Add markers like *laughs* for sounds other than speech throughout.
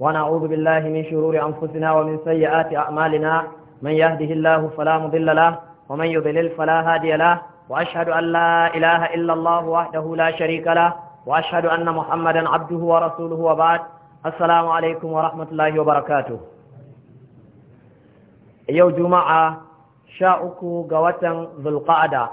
ونعوذ بالله من شرور أنفسنا ومن سيئات أعمالنا من يهده الله فلا مضل له ومن يضلل فلا هادي له وأشهد أن لا إله إلا الله وحده لا شريك له وأشهد أن محمدا عبده ورسوله وبعد السلام عليكم ورحمة الله وبركاته يوم جمعة شاءكو قوتا ذو القعدة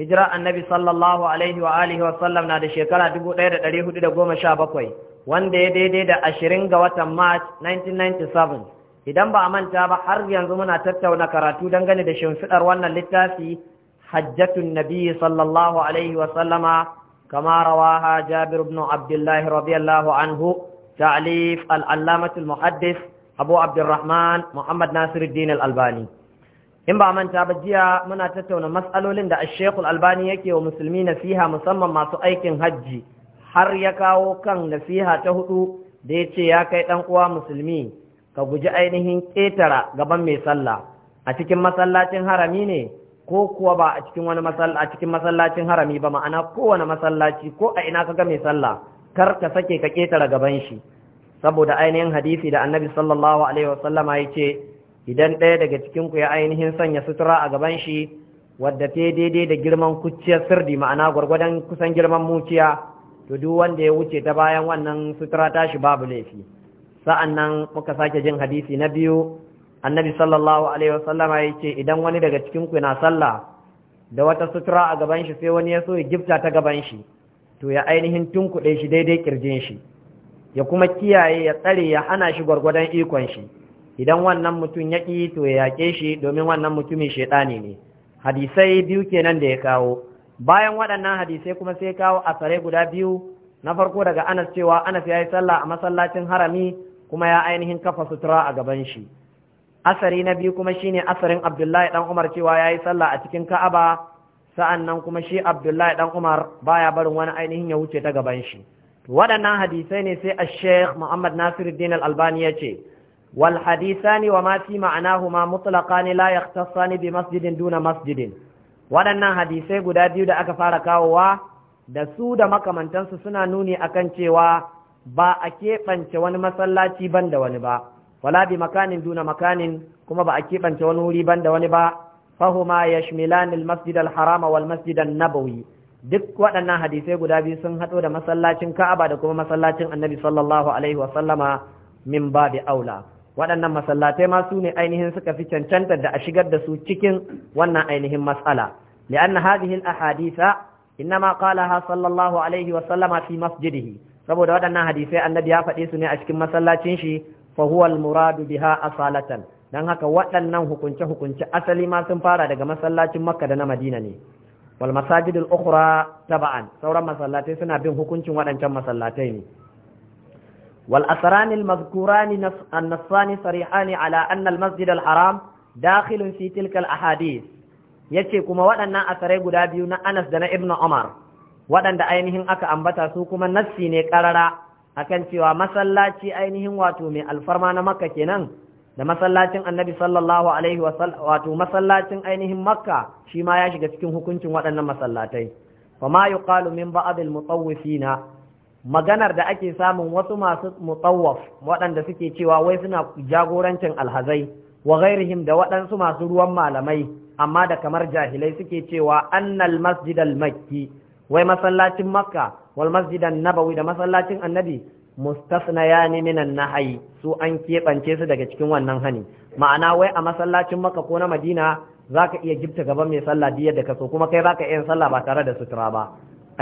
هجرة النبي صلى الله عليه وآله وسلم نادي شكرا دبو غير تريه دبو مشابكوي wanda ya daidai da ashirin ga watan March 1997 idan ba a manta ba har yanzu muna tattauna karatu dangane da shimfiɗar wannan littafi hajjatun nabi sallallahu alaihi wasallama kama ha jabir ibn abdullah radiyallahu anhu ta'lif al muhaddis abu abdurrahman muhammad nasiruddin al-albani in ba manta ba jiya muna tattauna matsalolin da ash al-albani yake wa musulmi nasiha musamman masu aikin hajji har ya kawo kan nasiha ta hudu da ya ce ya kai ɗan uwa musulmi ka guji ainihin ƙetara gaban mai sallah a cikin masallacin harami ne ko kuwa ba a cikin wani a cikin masallacin harami ba ma'ana kowane masallaci ko a ina ka ga mai sallah kar ka sake ka ƙetara gaban shi saboda ainihin hadisi da annabi sallallahu alaihi wasallama ya ce idan ɗaya daga cikin ku ya ainihin sanya sutura a gaban shi wadda ta daidai da girman kuciyar sirdi ma'ana gwargwadon kusan girman muciya to duk wanda ya wuce ta bayan wannan sutura tashi babu laifi sa'an nan muka sake jin hadisi na biyu annabi sallallahu alaihi wasallama ya ce idan wani daga cikin ku na sallah da wata sutura a gaban shi sai wani ya so ya gifta ta gaban shi to ya ainihin tunkuɗe shi daidai kirjin shi ya kuma kiyaye ya tsare ya hana shi gwargwadon ikon shi idan wannan mutum ya ƙi to ya yaƙe shi domin wannan mutumin shaiɗani ne hadisai biyu kenan da ya kawo bayan waɗannan hadisai kuma sai kawo asare guda biyu na farko daga anas cewa anas ya yi sallah a masallacin harami kuma ya ainihin kafa sutura a gaban shi asari na biyu kuma shine asarin abdullahi dan umar cewa ya yi sallah a cikin ka'aba sa'an nan kuma shi abdullahi dan umar baya barin wani ainihin ya wuce ta gaban shi waɗannan hadisai ne sai a sheikh muhammad nasiruddin al-albani ya ce wal hadisani wa ma fi ma'anahuma mutlaqani la yahtassani bi masjidin duna masjidin waɗannan hadisai guda biyu da aka fara kawowa da su da makamantansu suna nuni akan cewa ba a keɓance wani masallaci ban da wani ba wala bi makanin duna makanin kuma ba a keɓance wani wuri ban da wani ba fahuma ya al-masjid al harama wal masjid nabawi duk waɗannan hadisai guda biyu sun haɗo da masallacin Ka'aba da kuma masallacin Annabi sallallahu alaihi wa sallama min babi aula waɗannan masallatai ma su ne ainihin suka fi cancanta da a shigar da su cikin wannan ainihin matsala li'anna hadhihi al-ahaditha innama ha sallallahu alaihi wa sallama fi masjidihi saboda waɗannan hadisai annabi ya faɗi su ne a cikin masallacin shi fa huwa al-muradu biha asalatan dan haka waɗannan hukunce hukunce asali ma sun fara daga masallacin Makka da na Madina ne wal masajidul ukhra taba'an sauran masallatai suna bin hukuncin waɗancan masallatai ne والأثران المذكوران النصان صريحان على أن المسجد الحرام داخل في تلك الأحاديث yace kuma waɗannan asarai guda biyu na Anas da na Ibn Umar waɗanda ainihin aka ambata su kuma nassi ne ƙarara akan cewa masallaci ainihin wato mai alfarma na Makka kenan da masallacin Annabi sallallahu alaihi wato masallacin ainihin Makka shi ma ya shiga cikin hukuncin waɗannan masallatai fa ma yuqalu min ba'd al-mutawwifina maganar da ake samun wasu masu mutsawaf waɗanda suke cewa wai suna jagorancin alhazai wa ghairihim da waɗansu masu ruwan malamai amma da kamar jahilai suke cewa annal masjidal makki wai masallacin makka wal an nabawi da masallacin annabi ne minan nahayi su an keɓance su daga cikin wannan hani ma'ana wai a masallacin makka ko na madina zaka iya gifta gaban mai sallah diyar da kaso kuma kai zaka iya sallah ba tare da sutura ba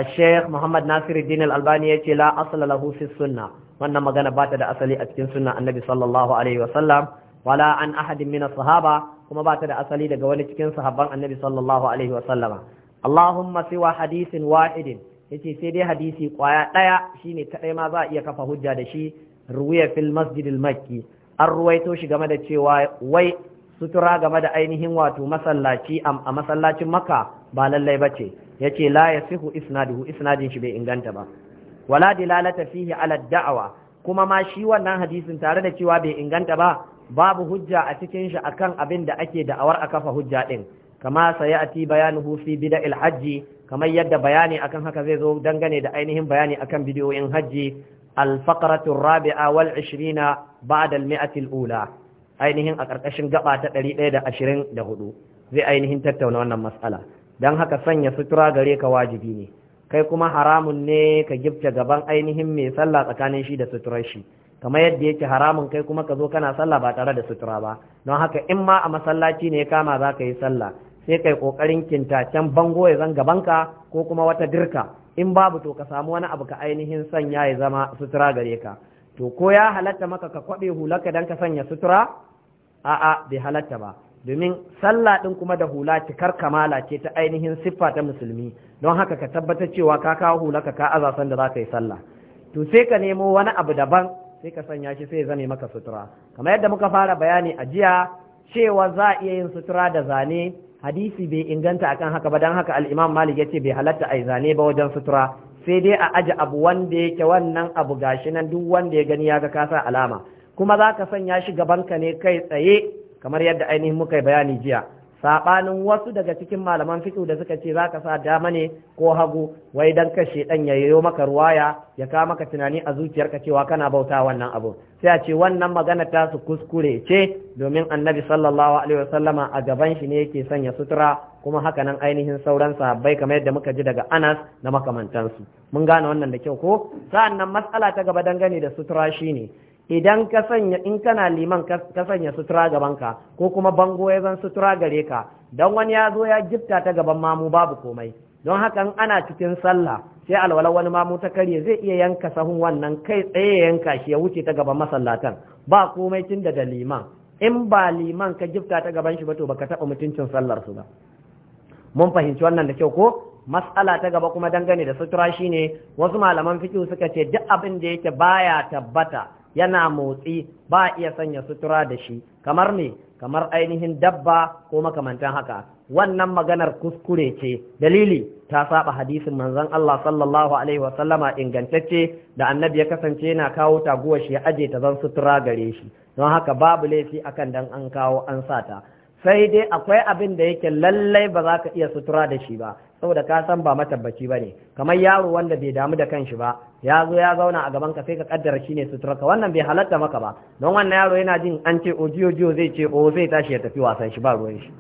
Sheikh Muhammad Nasir Din Al-Albani yace la asla lahu fi sunna wannan magana bata da asali a cikin sunna Annabi sallallahu wala an ahadin min sahaba kuma bata da asali daga wani cikin sahabban Annabi sallallahu alaihi wasallam Allahumma siwa hadithin wahidin yace sai dai hadisi kwaya ɗaya shine ta dai ma za a iya kafa hujja da shi ruwaya fil masjid al-makki an ruwaito shi game da cewa wai sutura game da ainihin wato masallaci a masallacin makka ba lallai ba bace yace la yasihu isnaduhu isnadin shi bai inganta ba wala dilalata fihi ala da'awa kuma ma shi wannan hadisin tare da cewa bai inganta ba babu hujja a cikin shi akan abin da ake da'awar a kafa hujja din kama sayati bayanuhu fi bida'il hajji kamar yadda bayani akan haka zai zo dangane da ainihin bayani akan bidiyoyin hajji al-faqratu ar-rabi'a wal 20 ba'da al-mi'ati ula ainihin a ƙarƙashin gaba ta 124 zai ainihin tattauna wannan mas'ala don haka sanya sutura gare ka wajibi ne kai kuma haramun ne ka gifta gaban ainihin mai sallah tsakanin shi da suturar shi kamar yadda yake haramun kai kuma ka zo kana sallah ba tare da sutura ba don haka in ma a masallaci ne ya kama za ka yi sallah sai kai kokarin kintacen bango ya zan gabanka ko kuma wata dirka in babu to ka samu wani abu ka ainihin sanya ya zama sutura gare ka to ko ya halatta maka ka kwabe ka dan ka sanya sutura a'a bai halatta ba domin sallah ɗin kuma da hula cikar kamala ce ta ainihin siffa ta musulmi don haka ka tabbatar cewa ka kawo hula ka aza azasan da za ka yi sallah to sai ka nemo wani abu daban sai ka sanya shi sai ya zame maka sutura kamar yadda muka fara bayani a jiya cewa za a iya yin sutura da zane hadisi bai inganta akan haka ba don haka al'imam malik ya ce bai halatta a yi zane ba wajen sutura sai dai a aji abu wanda yake wannan abu gashi nan duk wanda ya gani ya ga kasa alama kuma za ka sanya shi gaban ka ne kai tsaye kamar yadda ainihin muka yi bayani jiya saɓanin wasu daga cikin malaman fiƙi da suka ce zaka sa dama ne ko hagu wai dan kashe ɗan ya yayo maka ruwaya ya ka maka tunani a zuciyarka cewa kana bauta wannan abu sai a ce wannan magana ta su kuskure ce domin annabi sallallahu alaihi wasallama a gaban shi ne yake sanya sutura kuma haka nan ainihin sauran sahabbai kamar yadda muka ji daga Anas da makamantansu mun gane wannan da kyau ko sa'annan matsala ta gaba dangane da sutura shine idan ka sanya in kana liman ka sanya sutura gaban ka ko kuma bango ya zan sutura gare ka don wani ya zo ya gifta ta gaban mamu babu komai don haka ana cikin sallah sai alwala wani mamu ta karye zai iya yanka sahun wannan kai tsaye ya yanka shi ya wuce ta gaban masallatan ba komai tun da liman in ba liman ka gifta ta gaban shi ba to baka taba mutuncin sallar su ba mun fahimci wannan da kyau ko Matsala ta gaba kuma dangane da sutura ne, wasu malaman fiqh suka ce duk abin da yake baya tabbata yana motsi ba a iya sanya sutura da shi kamar me kamar ainihin dabba ko makamantan haka wannan maganar kuskure ce dalili ta saba hadisin manzon Allah sallallahu alaihi wa sallama ingantacce da annabi ya kasance yana kawo taguwar shi ya aje ta zan sutura gare shi don haka babu laifi akan dan an kawo an sata sai dai akwai abin da yake lallai ba za ka iya sutura da shi ba saboda ka san ba matabbaci ba ne kamar yaro wanda bai damu da kan shi ba ya zo ya zauna a gaban ka sai ka kaddara shi ne sutura ka wannan bai halatta maka ba don wannan yaro yana jin an ce ojiyo jiyo zai ce o oh, zai tashi ya tafi wasan shi ba ruwan shi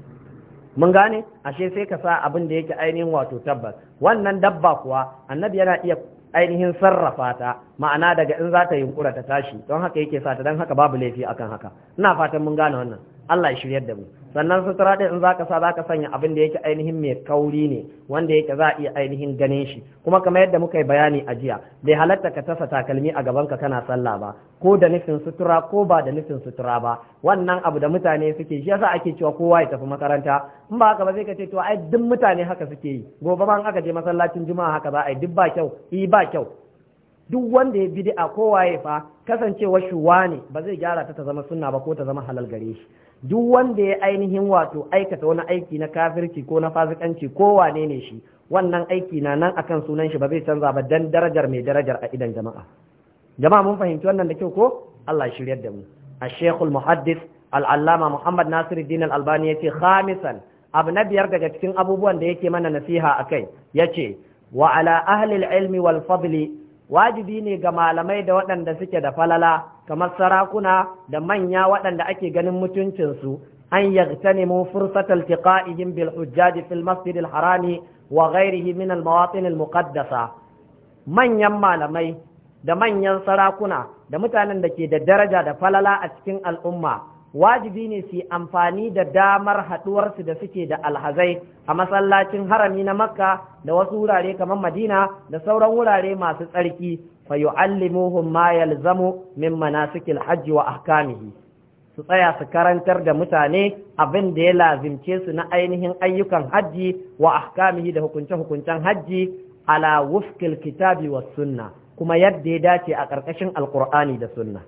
mun gane ashe sai ka sa abin da yake ainihin wato tabbas wannan dabba kuwa annabi yana iya ainihin sarrafa ta ma'ana daga in za ta yunkura ta tashi don haka yake sa ta don haka babu laifi akan haka ina fatan mun gane wannan Allah ya shiryar da mu sannan sutura ɗin in zaka sa ka sanya abin da yake ainihin mai kauri ne wanda yake za a iya ainihin ganin shi kuma kamar yadda muka yi bayani a jiya bai halatta ka tasa takalmi a gaban ka kana sallah ba ko da nufin sutura ko ba da nufin sutura ba wannan abu da mutane suke shi yasa ake cewa kowa ya tafi makaranta in ba haka ba zai ka ce to ai duk mutane haka suke yi gobe ma aka je masallacin juma'a haka za a yi duk ba kyau i ba kyau duk wanda ya a kowa ya fa kasancewa shuwa ne ba zai gyara ta ta zama sunna ba ko ta zama halal gare shi duk wanda ya ainihin wato aikata wani aiki na kafirci ko na fasikanci ko wane ne shi wannan aiki na nan akan sunan shi ba zai canza ba dan darajar mai darajar a idan jama'a jama'a mun fahimci wannan da kyau ko Allah shiryar da mu الشيخ المحدث Muhammad Nasiru, ناصر الدين ya ce Khamisan, abu na biyar daga cikin abubuwan da yake mana nasiha a kai ya ce wa ala ahlil ilmi wal fadli wajibi ne ga malamai da waɗanda suke da falala kamar sarakuna da manya waɗanda ake ganin mutuncinsu an yaghtanimu fursatal tiqa'ihim bil hujjaji fil masjid al harami wa ghairihi min al mawatin al muqaddasa manyan malamai da manyan sarakuna da mutanen da ke da daraja da falala a cikin al'umma wajibi ne su amfani da damar haɗuwarsu da suke da alhazai a masallacin harami na makka da wasu wurare kamar madina da sauran wurare masu tsarki fayu'allimuhum ma yalzamu min manasikil hajji wa ahkamihi su tsaya su karantar da mutane abin da ya lazimce su na ainihin ayyukan hajji wa ahkamihi da hukunce-hukuncen hajji ala wufkil kitabi wa sunna kuma yadda ya dace a ƙarƙashin alkur'ani da sunna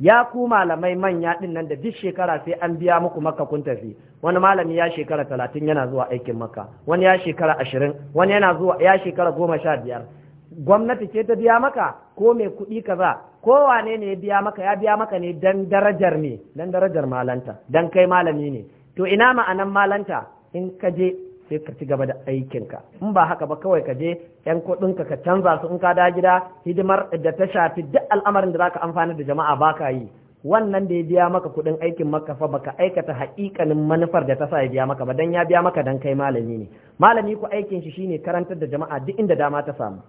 ya ku malamai manya ɗin nan da duk shekara sai an biya muku makka kun tafi wani malami ya shekara talatin yana zuwa aikin makka wani ya shekara ashirin wani yana zuwa ya shekara goma sha biyar gwamnati ce ta biya maka ko mai kuɗi kaza ko wane ne ya biya maka ya biya maka ne dan darajar ne dan darajar malanta dan kai malami ne to ina ma'anan malanta in ka je sai ka ci gaba da aikinka in ba haka ba kawai ka je yan kuɗinka ka canza su in ka da gida hidimar da ta shafi duk al'amarin da zaka amfana da jama'a baka yi wannan da ya biya maka kuɗin aikin maka fa baka aikata haƙiƙanin manufar da ta sa ya biya maka ba dan ya biya maka dan kai malami ne malami ku aikin shi shi ne karantar da jama'a duk inda dama ta samu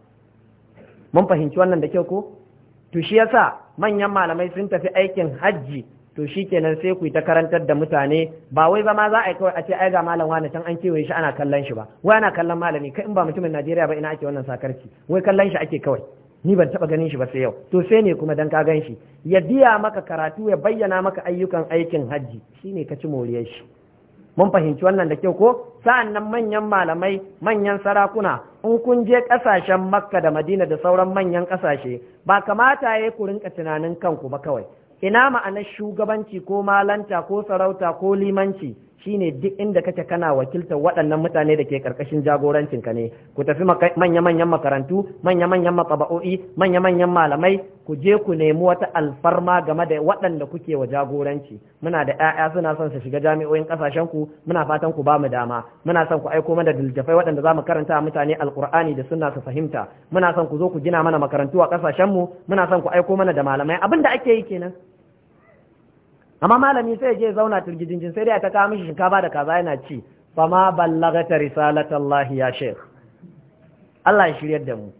mun fahimci wannan da kyau ko to shi yasa manyan malamai sun tafi aikin hajji to shi kenan sai ku ta karantar da mutane ba wai zama za a yi kawai a ce ai ga malam wani can an kewaye shi ana kallon shi ba wai ana kallon malami kai in ba mutumin Najeriya ba ina ake wannan sakarci wai kallon shi ake kawai ni ban taba ganin shi ba sai yau to sai ne kuma dan ka gan shi ya biya maka karatu ya bayyana maka ayyukan aikin hajji shine ka ci moriyar shi mun fahimci wannan da kyau ko sa'an nan manyan malamai manyan sarakuna in kun je ƙasashen makka da madina da sauran manyan ƙasashe ba kamata ya ku rinka tunanin kanku ba kawai ina ma'anar shugabanci ko malanta ko sarauta ko limanci Shi ne duk inda kake kana wakiltar waɗannan mutane da ke ƙarƙashin jagorancin ka ne ku tafi manya-manyan makarantu manya-manyan matsaba'o'i manya-manyan malamai ku je ku nemi wata alfarma game da waɗanda kuke wa jagoranci muna da 'ya'ya suna son su shiga jami'o'in ƙasashen ku muna fatan ku ba mu dama muna son ku aiko mana daljafai waɗanda za mu karanta mutane alƙur'ani da suna su fahimta muna son ku zo ku gina mana makarantu a ƙasashen mu muna son ku aiko mana da malamai abin da ake yi kenan amma malami sai ya je zauna turgijinjin sai dai ta kawo mishi shinkafa da kaza yana ci ma ballagata risalatallahi ya sheikh Allah ya shiryar da mu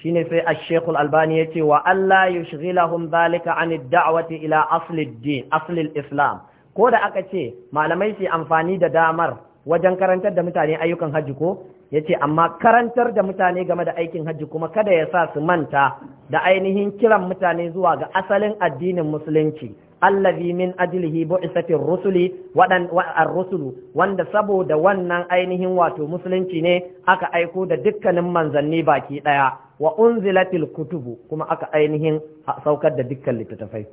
shine sai ash sheikh al-albani yace wa Allah yushghilahum zalika an ad-da'wati ila asli ad-din asli al-islam ko da aka ce malamai su amfani da damar wajen karantar da mutane ayyukan hajji ko yace amma karantar da mutane game da aikin hajji kuma kada ya sa su manta da ainihin kiran mutane zuwa ga asalin addinin musulunci allazi min ajlihi bu'isatir rusuli wadan ar-rusulu wanda saboda wannan ainihin wato musulunci ne aka aiko da dukkanin manzanni baki daya wa unzilatil kutubu kuma aka ainihin saukar da dukkan littattafai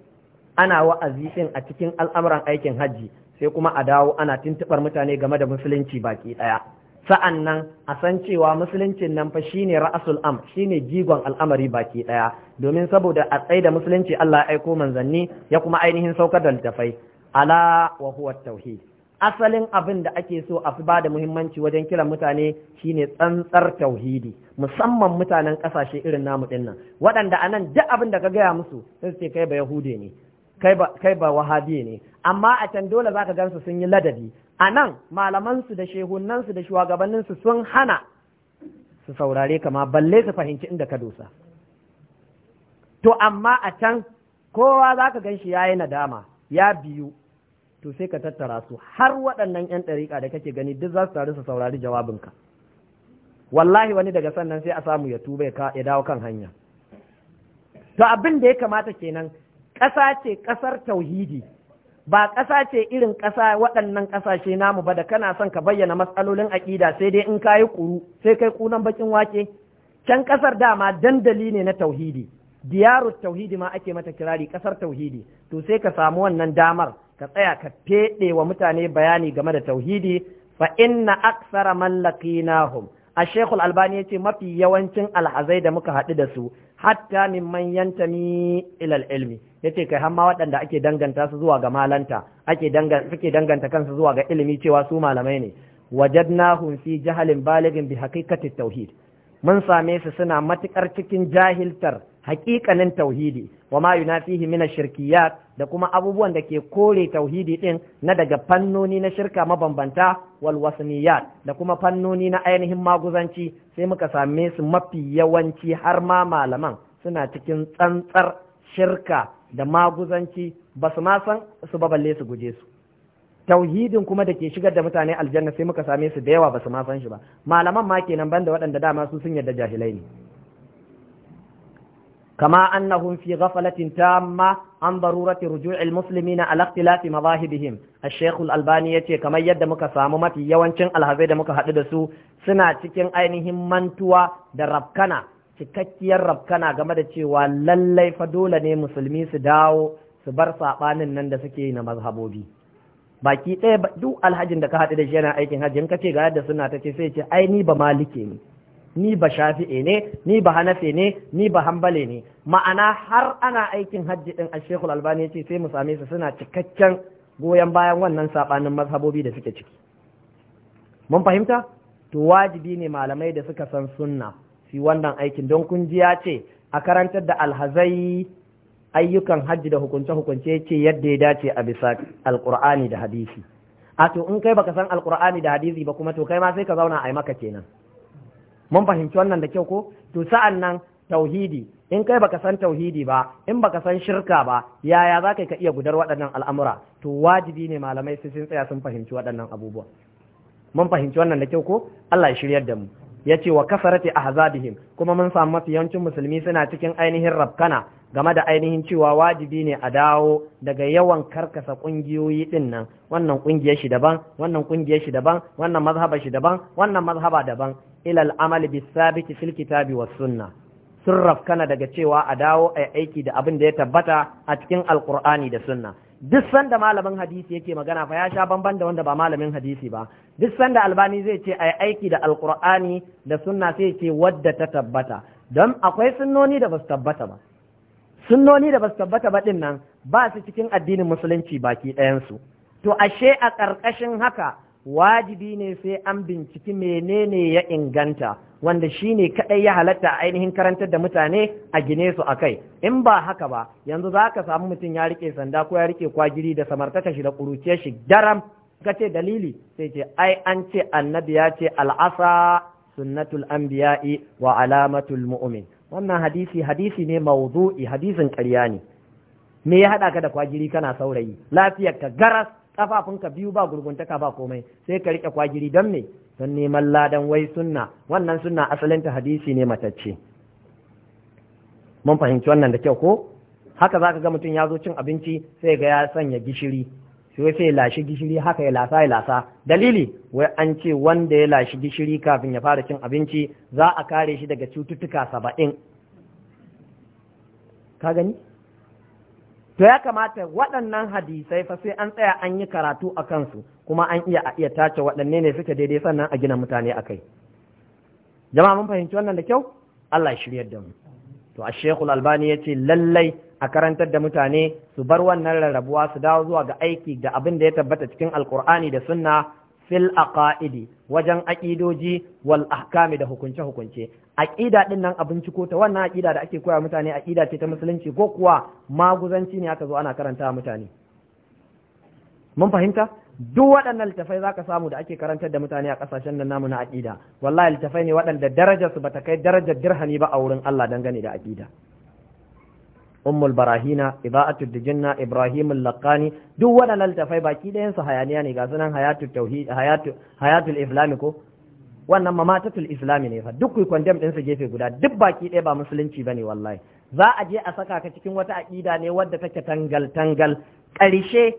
ana wa'azi din a cikin al'amuran aikin hajji sai kuma a dawo ana tuntubar mutane game da musulunci baki daya sa'an nan a san cewa musuluncin nan fa shine ra'asul am shine jigon al'amari baki ɗaya domin saboda a tsaye da musulunci Allah ya aiko manzanni ya kuma ainihin saukar da littafai ala wa huwa tauhid asalin abin da ake so a fi bada muhimmanci wajen kiran mutane shine tsantsar tauhidi musamman mutanen kasashe irin namu dinnan nan waɗanda anan duk abin da ka gaya musu sun ce kai ba yahude ne kai ba wahabi ne amma a can dole zaka gansu sun yi ladabi a nan malamansu da shehunansu da shugabanninsu sun hana su saurare kama balle su fahimci inda ka dosa to amma a can kowa za ka gan shi ya yi nadama ya biyu to sai ka tattara su har waɗannan 'yan ɗariƙa da kake gani duk za su taru su saurari jawabinka wallahi wani daga sannan sai a samu ya tuba ya dawo kan hanya to abin da ya kamata kenan ƙasa ce ƙasar tauhidi ba ƙasa ce irin ƙasa waɗannan ƙasashe namu ba da kana son ka bayyana matsalolin aƙida sai dai in kayi ƙuru sai kai ƙunan bakin wake can ƙasar dama dandali ne na tauhidi diyaru tauhidi ma ake mata kirari ƙasar tauhidi to sai ka samu wannan damar ka tsaya ka feɗe wa mutane bayani game da tauhidi fa inna aksara man laqinahum a shekul albani ya ce mafi yawancin alhazai da muka haɗu da su hatta mimman yantami ilal ilmi yace kai har ma waɗanda ake danganta su zuwa ga malanta ake danganta suke danganta kansu zuwa ga ilimi cewa su malamai ne Wajen na hunfi jahalin baligin bi hakikati tauhid mun same su suna matukar cikin jahiltar haƙiƙanin tauhidi wa ma yunafihi min shirkiya. da kuma abubuwan da ke kore tauhidi din na daga fannoni na shirka mabambanta wal wasniyat da kuma fannoni na ainihin maguzanci sai muka same su mafi yawanci har ma malaman suna cikin tsantsar shirka da maguzanci ba su ma san su ba balle su guje su tauhidin kuma da ke shigar da mutane aljanna sai muka same su da yawa ba su ma san shi ba malaman ma kenan banda waɗanda dama su sun yarda jahilai ne kama annahum fi ghaflatin tamma an darurati ruju'il muslimina ala ikhtilafi madahibihim ash-shaykh al-albani yace kamar yadda muka samu mafi yawancin alhazai da muka haɗu da su suna cikin ainihin mantuwa da rafkana cikakkiyar rabkana game da cewa lallai fa dole ne musulmi su dawo su bar saɓanin nan da suke na mazhabobi baki ɗaya duk alhajin da ka haɗu da shi yana aikin hajji in ka ce ga yadda suna ta ce sai ce ai ni ba malike ne ni ba shafi'e ne ni ba hanafe ne ni ba hambale ne ma'ana har ana aikin hajji din a shekul albani ya ce sai mu same su suna cikakken goyon bayan wannan saɓanin mazhabobi da suke ciki mun fahimta to wajibi ne malamai da suka san sunna su wannan aikin don kun ji ya ce a karantar da alhazai ayyukan hajji da hukunce-hukunce ce yadda ya dace a bisa alkur'ani da hadisi a to in kai baka san alkur'ani da hadisi ba kuma to kai ma sai ka zauna a yi maka kenan mun fahimci wannan da kyau ko to sa'an nan tauhidi in kai baka san tauhidi ba in baka san shirka ba yaya za ka iya gudar waɗannan al'amura to wajibi ne malamai sai sun tsaya sun fahimci waɗannan abubuwa mun fahimci wannan da kyau ko Allah ya shiryar da mu Ya ce wa kasarati ahzabihim kuma mun samu mafi yawancin musulmi suna cikin ainihin rabkana game da ainihin cewa wajibi ne a dawo daga yawan karkasa kungiyoyi din nan wannan kungiyar shi daban wannan kungiyar shi daban wannan mazhaba shi daban wannan mazhaba daban ilal amali bis sabiti fil kitabi was sunna sun rafkana daga cewa a dawo a aiki da abin da ya tabbata a cikin alkur'ani da sunna duk sanda malamin hadisi yake magana fa ya sha bamban da wanda ba malamin hadisi ba duk sanda albani zai ce ai aiki da alqur'ani da sunna sai ce wadda ta tabbata don akwai sunnoni da basu tabbata ba sunnoni da basu tabbata ba din ba su cikin addinin musulunci baki ɗayan su to ashe a ƙarƙashin haka wajibi ne sai an binciki menene ya inganta wanda shi ne kaɗai ya halatta a ainihin karantar da mutane a gine su a kai in ba haka ba yanzu za ka samu mutum ya rike sanda ko ya rike kwagiri da samartaka shi da ƙuruciyar shi daram ka ce dalili sai ce ai an ce annabi ya ce al'asa sunnatul anbiya'i wa alamatul mu'min wannan hadisi hadisi ne mawdu'i hadisin ƙarya ne me ya haɗa ka da kwagiri kana saurayi lafiyar ka garas kafafunka biyu ba gurguntaka ba komai sai ka rike kwagiri don me don neman ladan wai sunna wannan sunna asalin ta hadisi ne matacce mun fahimci wannan da kyau ko haka zaka ga mutum ya zo cin abinci sai ga ya sanya gishiri sai sai lashi gishiri haka ya lasa ya lasa dalili wai an ce wanda ya lashi gishiri kafin ya fara cin abinci za a kare shi daga cututtuka saba'in ka gani to ya kamata waɗannan hadisai fa sai an tsaya an yi karatu a kansu kuma an iya a iya tace waɗanne ne suke daidai sannan a gina mutane a kai jama'a mun fahimci wannan da kyau Allah ya shiryar da mu to a shekul albani ya ce lallai a karantar da mutane su bar wannan rarrabuwa su dawo zuwa ga aiki ga abin da ya tabbata cikin alkur'ani da sunna fil aqaidi wajen aqidoji wal ahkami da hukunce hukunce aqida din nan abin ciko ta wannan aqida da ake koya mutane aqida ce ta musulunci ko kuwa maguzanci ne aka zo ana karanta mutane mun fahimta duk waɗannan littafai zaka samu da ake karantar da mutane a ƙasashen nan namu na aqida wallahi littafai ne waɗanda darajarsu bata kai darajar dirhami ba a wurin Allah dangane da aqida ummul barahina ibaatud dijinna ibrahim laqani duk wadannan littafai baki ɗayan su hayaniya ne ga sunan hayatul tauhid hayatul hayatul islami ko wannan mamatatul islam ne fa duk ku condemn din su gefe guda duk baki ɗaya ba musulunci bane wallahi za a je a saka ka cikin wata aƙida ne wadda take tangal tangal ƙarshe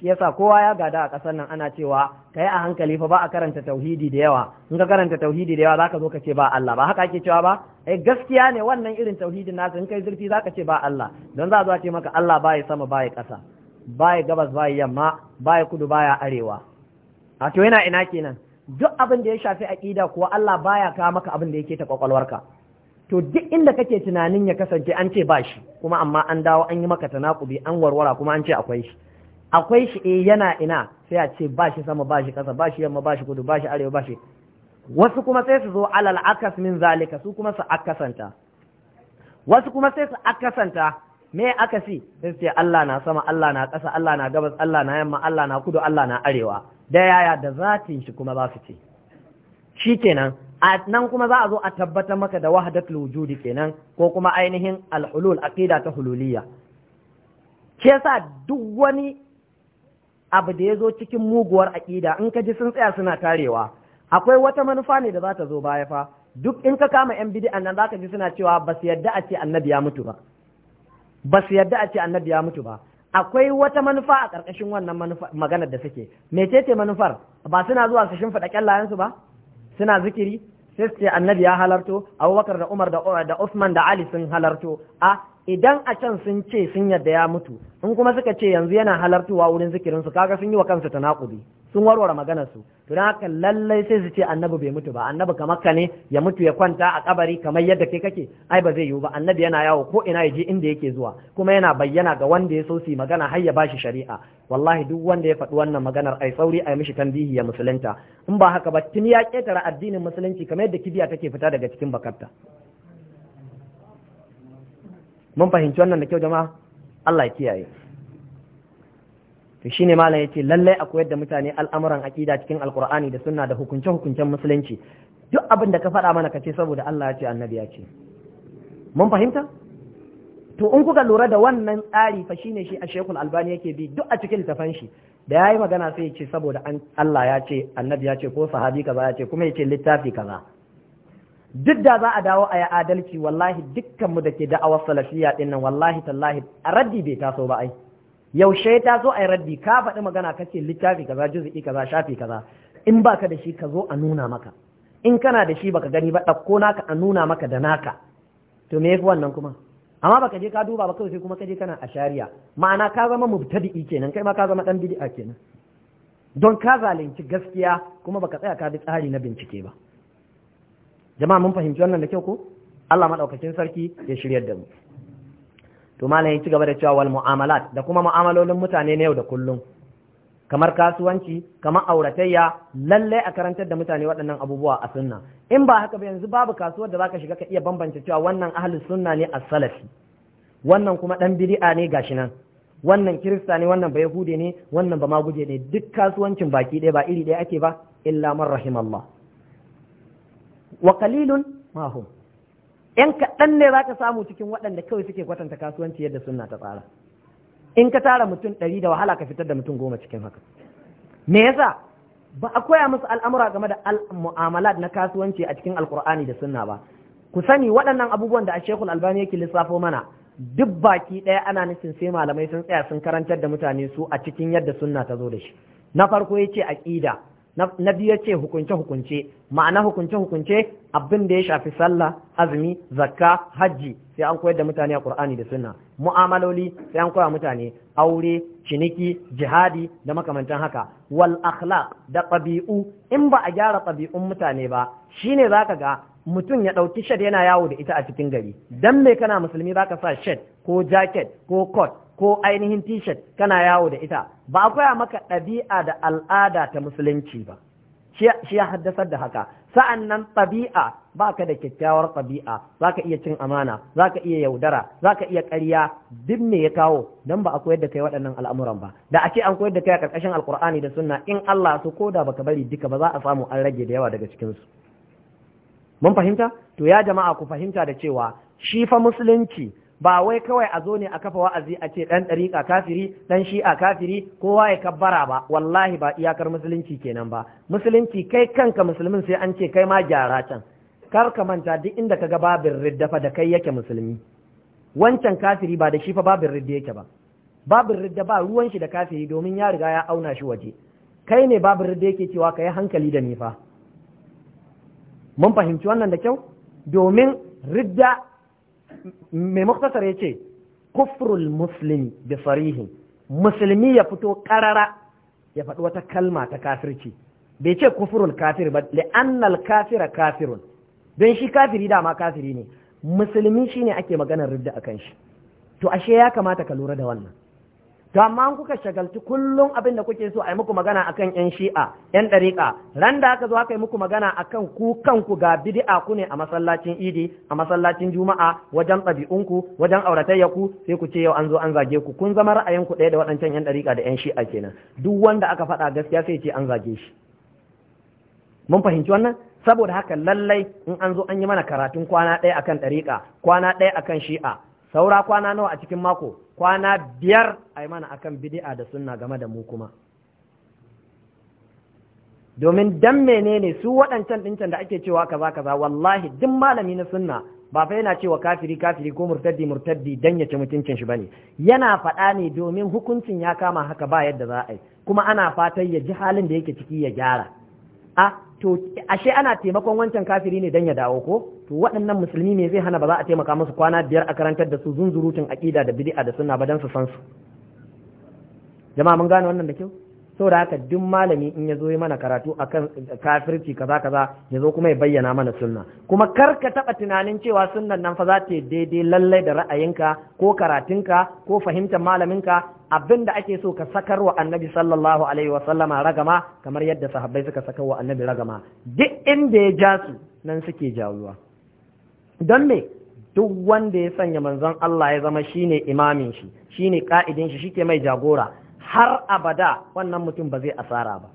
shi yasa kowa ya gada a ƙasar nan ana cewa ka yi a hankali fa ba a karanta tauhidi da yawa in ka karanta tauhidi da yawa za ka zo ka ce ba Allah ba haka ake cewa ba eh gaskiya ne wannan irin tauhidin nasu in kai zurfi za ka ce ba Allah don za a zo a ce maka Allah ba ya sama ba ya ƙasa ba ya gabas ba ya yamma ba ya kudu ba ya arewa a to yana ina kenan duk abin da ya shafi aƙida kuwa Allah baya kawo maka abin da ya yake ta kwakwalwarka to duk inda kake tunanin ya kasance an ce ba shi kuma amma an dawo an yi maka tanakubi an warwara kuma an ce akwai shi akwai shi e yana ina sai a ce ba shi sama ba shi kasa ba shi yamma ba shi kudu ba shi arewa ba shi wasu kuma sai su zo alal akas min zalika su kuma su akasanta wasu kuma sai su akasanta me akasi sai su ce Allah na sama Allah na ƙasa Allah na gabas Allah na yamma Allah na kudu Allah na arewa da yaya da zatin shi kuma za su ce shikenan a nan kuma za a zo a tabbatar maka da wahdatul wujudi kenan ko kuma ainihin al-hulul aqida ta hululiyya ke sa duk wani abu da ya zo cikin muguwar aƙida in ka ji sun tsaya suna tarewa akwai wata manufa ne da za ta zo baya fa duk in ka kama yan bidi'a nan zaka ji suna cewa ba su yadda a ce annabi ya mutu ba ba su yadda a ce annabi ya mutu ba akwai wata manufa a ƙarƙashin wannan maganar da suke mecece manufar ba suna zuwa su shimfiɗa su ba suna zikiri sai su ce annabi ya halarto abubakar da umar da da usman da ali sun halarto a idan a can sun ce sun yadda ya mutu in kuma suka ce yanzu yana halartuwa wurin zikirin su kaga sun yi wa kansu tanakudi sun warware maganar su to dan haka lallai sai su ce annabi bai mutu ba annabi kamar ka ne ya mutu ya kwanta a kabari kamar yadda kai kake ai ba zai yiwu ba annabi yana yawo ko ina yaje inda yake zuwa kuma yana bayyana ga wanda ya so su magana har ya bashi shari'a wallahi duk wanda ya faɗi wannan maganar ai sauri ai mishi tanbihi ya musulunta in ba haka ba tun ya ketara addinin musulunci kamar yadda kibiya take fita daga cikin bakarta mun fahimci wannan da kyau jama'a Allah ya kiyaye to shine malam yace lalle akwai da mutane al'amuran aqida cikin alqur'ani da sunna da hukunce hukuncen musulunci duk abin da ka faɗa mana ka ce saboda Allah ya ce annabi ya ce mun fahimta to in kuka lura da wannan tsari fa shine shi a Sheikhul Albani yake bi duk a cikin littafin shi da yayi magana sai ya ce saboda Allah ya ce annabi ya ce ko sahabi kaza ya ce kuma ya ce littafi kaza duk da za a dawo a yi adalci wallahi dukkanmu da ke da'awar salafiya ɗin nan wallahi tallahi a raddi bai taso ba ai yaushe ya taso a yi raddi ka faɗi magana ka ce littafi kaza juzuki kaza shafi kaza in baka da shi ka zo a nuna maka in kana da shi baka gani ba ɗauko naka a nuna maka da naka to me yafi wannan kuma amma baka je ka duba ba kawai sai kuma ka je kana a shariya. ma'ana ka zama mubtadi'i kenan kai ma ka zama dan bid'a kenan don ka zalunci gaskiya kuma baka tsaya ka bi tsari na bincike ba jama'a mun fahimci wannan da kyau ko Allah madaukakin sarki ya shiryar da mu to malam ya ci gaba da cewa wal mu'amalat da kuma mu'amalolin mutane na yau da kullum kamar kasuwanci kamar auratayya lallai a karantar da mutane waɗannan abubuwa a sunna in ba haka ba yanzu babu kasuwar da zaka shiga ka iya bambance cewa wannan ahlus sunna ne as-salafi wannan kuma dan bid'a ne gashi nan wannan kirista ne wannan ba yahude ne wannan ba maguje ne duk kasuwancin baki ɗaya ba iri ɗaya ake ba illa man rahimallah wa kalilun ma yan kaɗan ne za ka samu cikin waɗanda kawai suke kwatanta kasuwanci yadda sunna ta tsara in ka tara mutum ɗari da wahala ka fitar da mutum goma cikin haka me yasa ba a koya musu al'amura game da mu'amalat na kasuwanci a cikin alkur'ani da sunna ba ku sani waɗannan abubuwan da a shekul albani yake lissafo mana duk baki ɗaya ana nufin sai malamai sun tsaya sun karantar da mutane su a cikin yadda sunna ta zo da shi na farko ya ce aƙida na biyu ce hukunce hukunce ma'ana hukunce hukunce abin da ya shafi sallah azumi zakka hajji sai an koyar da mutane a qur'ani da sunna mu'amaloli sai an koya mutane aure ciniki jihadi da makamantan haka wal akhlaq da ɗabi'u in ba a gyara ɗabi'un mutane ba shine zaka ga mutum ya ɗauki shed yana yawo da ita a cikin gari dan me kana musulmi zaka sa shed ko jacket ko coat ko ainihin t-shirt kana yawo da ita ba a koya maka ɗabi'a da al'ada ta musulunci ba shi ya haddasar da haka sa'an nan ɗabi'a ba ka da kyakkyawar ɗabi'a za ka iya cin amana za ka iya yaudara za ka iya ƙarya duk me ya kawo don ba a koyar da kai waɗannan al'amuran ba da a ce an koyar da kai a ƙarƙashin alƙur'ani da sunna in Allah su ko da baka bari duka ba za a samu an rage da yawa daga cikinsu mun fahimta to ya jama'a ku fahimta da cewa shi fa musulunci ba wai kawai a zo ne a kafa wa'azi a ce ɗan ɗariƙa kafiri ɗan shi'a kafiri kowa ya kabbara ba wallahi ba iyakar musulunci kenan ba musulunci kai kanka musulmin sai an ce kai ma gyara can kar ka manta duk inda ka ga babin riddafa da kai yake musulmi wancan kafiri ba da shi fa babin ridda yake ba babin ridda ba ruwan shi da kafiri domin ya riga ya auna shi waje kai ne babin ridda yake cewa ka yi hankali da ni fa mun fahimci wannan da kyau domin ridda mai muktasar ya ce kufrul muslim bi sarihi musulmi ya fito karara ya faɗi wata kalma ta kafirci bai ce kufrul kafir ba li'annal kafira kafirun don shi kafiri dama kafiri ne musulmi shine ake maganar a kan shi to ashe ya kamata ka lura da wannan to amma an kuka shagalci kullum abin da kuke so a yi muku magana akan yan shi'a yan ɗariƙa ran da aka zo aka yi muku magana akan ku kanku ga bidi'a ku ne a masallacin idi a masallacin juma'a wajen ɗabi'unku wajen auratayyaku sai ku ce yau an zo an zage ku kun zama ra'ayinku ɗaya da waɗancan yan ɗariƙa da yan shi'a kenan duk wanda aka faɗa gaskiya sai ce an zage shi mun fahimci wannan saboda haka lallai in an zo an yi mana karatun kwana ɗaya akan ɗariƙa kwana ɗaya akan shi'a saura kwana nawa a cikin mako kwana biyar a yi mana akan bidi'a da sunna game da mu kuma domin dan menene su waɗancan ɗincan da ake cewa kaza kaza wallahi duk malami na sunna ba fa yana cewa kafiri kafiri ko murtaddi murtaddi dan ya ci mutuncin shi bane yana faɗa ne domin hukuncin ya kama haka ba yadda za a yi kuma ana fatan ya ji halin da yake ciki ya gyara a ah, to ashe ana taimakon wancan kafiri ne dan ya dawo ko to waɗannan musulmi ne zai hana ba za a taimaka musu kwana biyar a karantar da su zunzurutun aƙida da bid'a da sunna ba dan su san su jama'a mun gane wannan da kyau saboda haka duk malami in ya zo yi mana karatu a kan kafirci kaza kaza ya zo kuma ya bayyana mana sunna kuma kar ka taɓa tunanin cewa sunnan nan fa za ta daidai lallai da ra'ayinka ko karatunka ko fahimtar malaminka abin da ake so ka sakar wa annabi sallallahu alaihi wa sallama ragama kamar yadda sahabbai suka sakar wa annabi ragama duk inda ya ja su nan suke jawuwa don me duk wanda ya sanya manzon Allah ya zama shine imamin shi shine ka'idin shi shike mai jagora har abada wannan mutum ba zai asara ba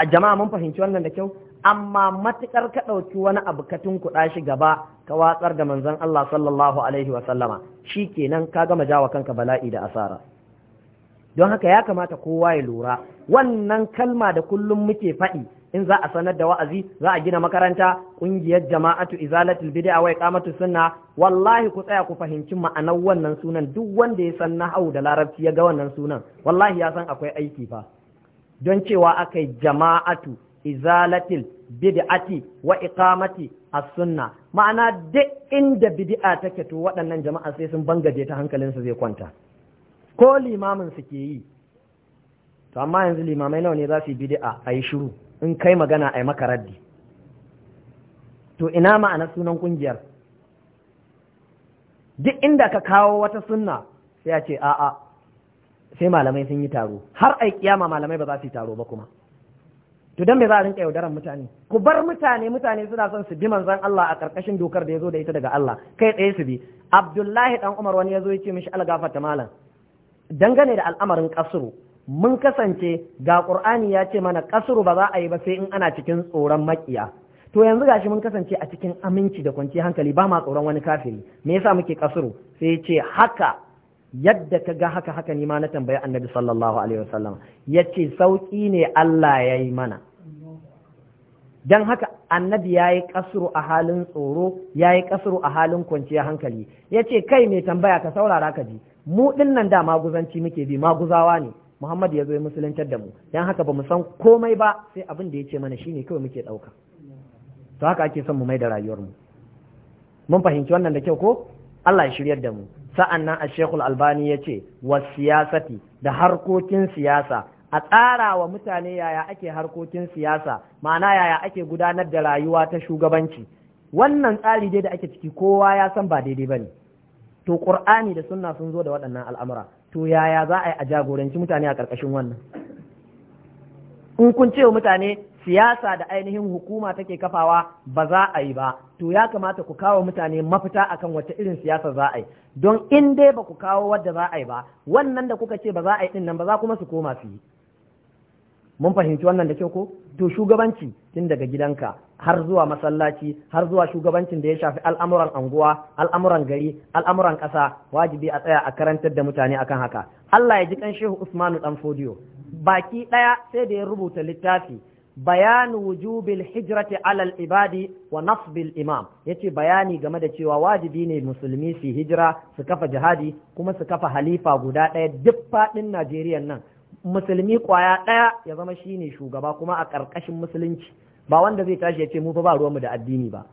a jama'a mun fahimci wannan da kyau amma matukar ka ɗauki wani abu ka tunkuɗa shi gaba ka watsar da manzon Allah sallallahu alaihi wa sallama shikenan ka gama jawa kanka bala'i da asara don haka ya kamata kowa ya lura wannan kalma da kullum muke faɗi in za a sanar da wa'azi za a gina makaranta ƙungiyar jama'atu izalatul bid'a wa iqamatu sunna wallahi ku tsaya ku fahimci ma'anar wannan sunan duk wanda ya san nahawu da larabci ya ga wannan sunan wallahi ya san akwai aiki fa don cewa akai jama'atu izalatil bid'ati wa iqamati as-sunna ma'ana duk inda bid'a take to waɗannan jama'a sai sun bangaje ta hankalin su zai kwanta ko limamin su ke yi to amma yanzu limamai nawa ne za su yi bid'a a yi shiru in kai magana ai maka raddi to ina ma'ana sunan kungiyar duk inda ka kawo wata sunna sai a ce a'a sai malamai sun yi taro har ai kiyama malamai ba za su yi taro ba kuma to dan me za a rinka yaudaran mutane ku bar mutane mutane suna son su bi manzon Allah a karkashin dokar da yazo da ita daga Allah kai tsaye su bi Abdullahi Ɗan Umar wani yazo ya ce mishi algafata malam dangane da al'amarin kasuru mun kasance ga ƙur'ani ya ce mana kasuru ba za a yi ba sai in ana cikin tsoron maƙiya. to yanzu gashi mun kasance a cikin aminci da kwanciyar hankali ba ma tsoron wani kafiri me yasa muke kasuru sai ya ce haka yadda ka ga haka haka ni ma na tambayi annabi sallallahu alaihi wasallam ya ce sauƙi ne Allah ya yi mana dan haka annabi ya yi kasuru a halin tsoro ya yi kasuru a halin kwanciyar hankali ya ce kai mai tambaya ka saurara ka ji mu ɗin nan da maguzanci muke bi maguzawa ne Muhammad ya zo ya musuluntar da mu dan haka ba mu san komai ba sai abin da ya ce mana shine kawai muke ɗauka to haka ake son mu mai da rayuwar mu mun fahimci wannan da kyau ko Allah ya shiryar da mu sa'an nan a shekul albani ya ce wa siyasati da harkokin siyasa a tsara wa mutane yaya ake harkokin siyasa ma'ana yaya ake gudanar da rayuwa ta shugabanci wannan tsari dai da ake ciki kowa ya san ba daidai ba ne to ƙur'ani da sunna sun zo da waɗannan al'amura to yaya za a yi a jagoranci mutane a ƙarƙashin wannan in kun ce mutane siyasa da ainihin hukuma take kafawa ba za a yi ba to ya kamata ku kawo mutane mafita akan wata irin siyasa za a yi don in dai ba ku kawo wadda za a yi ba wannan da kuka ce ba za a yi din nan ba za kuma su koma su yi mun fahimci wannan da kyau ko to shugabanci tun daga gidanka har zuwa masallaci har zuwa shugabancin da ya shafi al'amuran anguwa al'amuran gari al'amuran ƙasa wajibi a tsaya a karantar da mutane akan haka Allah ya ji kan Shehu Usmanu dan Fodiyo baki ɗaya sai da ya rubuta littafi bayanu wujubil hijrati alal ibadi wa nasbil imam yace bayani game da cewa wajibi ne musulmi su hijira su kafa jihadi kuma su kafa halifa guda ɗaya duk faɗin Najeriya nan musulmi kwaya ɗaya ya zama shi ne shugaba kuma a ƙarƙashin musulunci ba wanda zai tashi ya ce mu fa ba ruwanmu da addini ba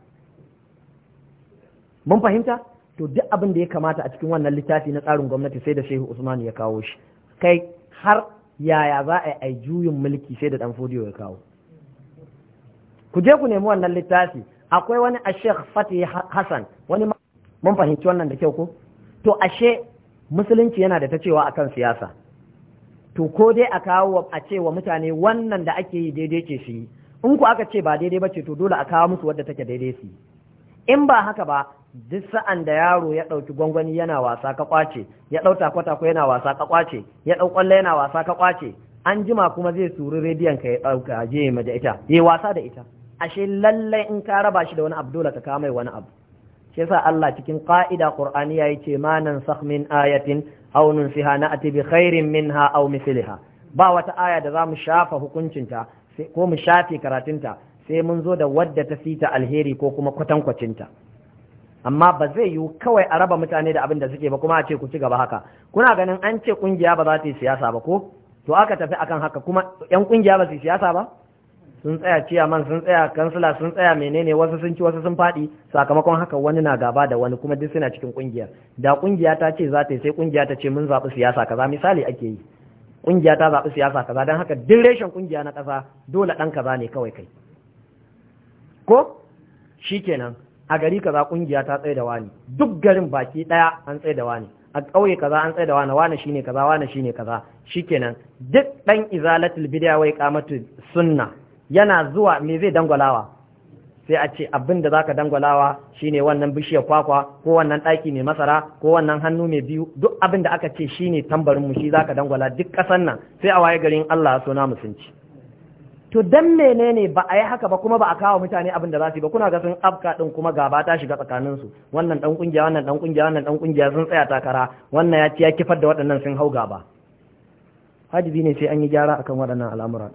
mun fahimta to duk abin da ya kamata a cikin wannan littafi na tsarin gwamnati sai da shehu usman ya kawo shi kai har yaya za a yi juyin mulki sai da dan fodiyo ya kawo ku je ku nemi wannan littafi akwai wani a sheikh fatih hassan wani mun fahimci wannan da kyau ko to ashe musulunci yana da ta cewa akan siyasa to ko dai a kawo a ce wa mutane wannan da ake yi daidai ce shi in ku aka ce ba daidai ba ce to dole a kawo musu wadda take daidai su in ba haka ba duk sa'an da yaro ya ɗauki gwangwani yana wasa ka kwace ya ɗau takwatako yana wasa ka kwace ya ɗau ƙwallo yana wasa ka kwace an jima kuma zai suri rediyon ka ya ɗauka je ma da ita ya wasa da ita ashe lallai in ka raba shi da wani abu dole ka kawo mai wani abu shi yasa Allah cikin ƙa'ida Qur'ani ya yi ce ma nan min ayatin aw nunsiha na'ti bi khairin minha aw mithliha ba wata aya da zamu shafa hukuncinta ko mu shafe karatunta sai mun zo da wadda ta fita alheri ko kuma kwatankwacinta amma ba zai yiwu kawai a raba mutane da abin da suke ba kuma a ce ku ci gaba haka kuna ganin an ce kungiya ba za ta yi siyasa ba ko to aka tafi akan haka kuma yan kungiya ba su yi siyasa ba sun tsaya ciyaman sun tsaya kansila sun tsaya menene wasu sun ci wasu sun faɗi sakamakon haka wani na gaba da wani kuma duk suna cikin kungiya da ƙungiya ta ce za ta yi sai ƙungiya ta ce mun zaɓi siyasa kaza misali ake yi ƙungiya ta zaɓi siyasa kaza don haka duk reshen ƙungiya na ƙasa dole ɗan kaza ne kawai kai ko shikenan a gari kaza ƙungiya ta tsaye da wani duk garin baki ɗaya an tsaye da wani a ƙauye kaza an tsaye da wani wani shine kaza wani shine kaza shikenan duk ɗan izalatul bid'a wai kamatu sunna yana zuwa me zai dangwalawa sai a ce abin da zaka dangwalawa shine wannan bishiyar kwakwa ko wannan ɗaki mai masara ko wannan hannu mai biyu duk abin da aka ce shine tambarin mu shi zaka dangwala duk kasan nan sai a waye garin Allah ya so na musunci to dan menene ba a yi haka ba kuma ba a kawo mutane abin da za su yi ba kuna ga sun afka din kuma gaba ta shiga tsakanin su wannan dan kungiya wannan dan kungiya wannan dan kungiya sun tsaya takara wannan ya ci ya kifar da waɗannan sun hau gaba Hajibi ne sai an yi gyara akan waɗannan al'amura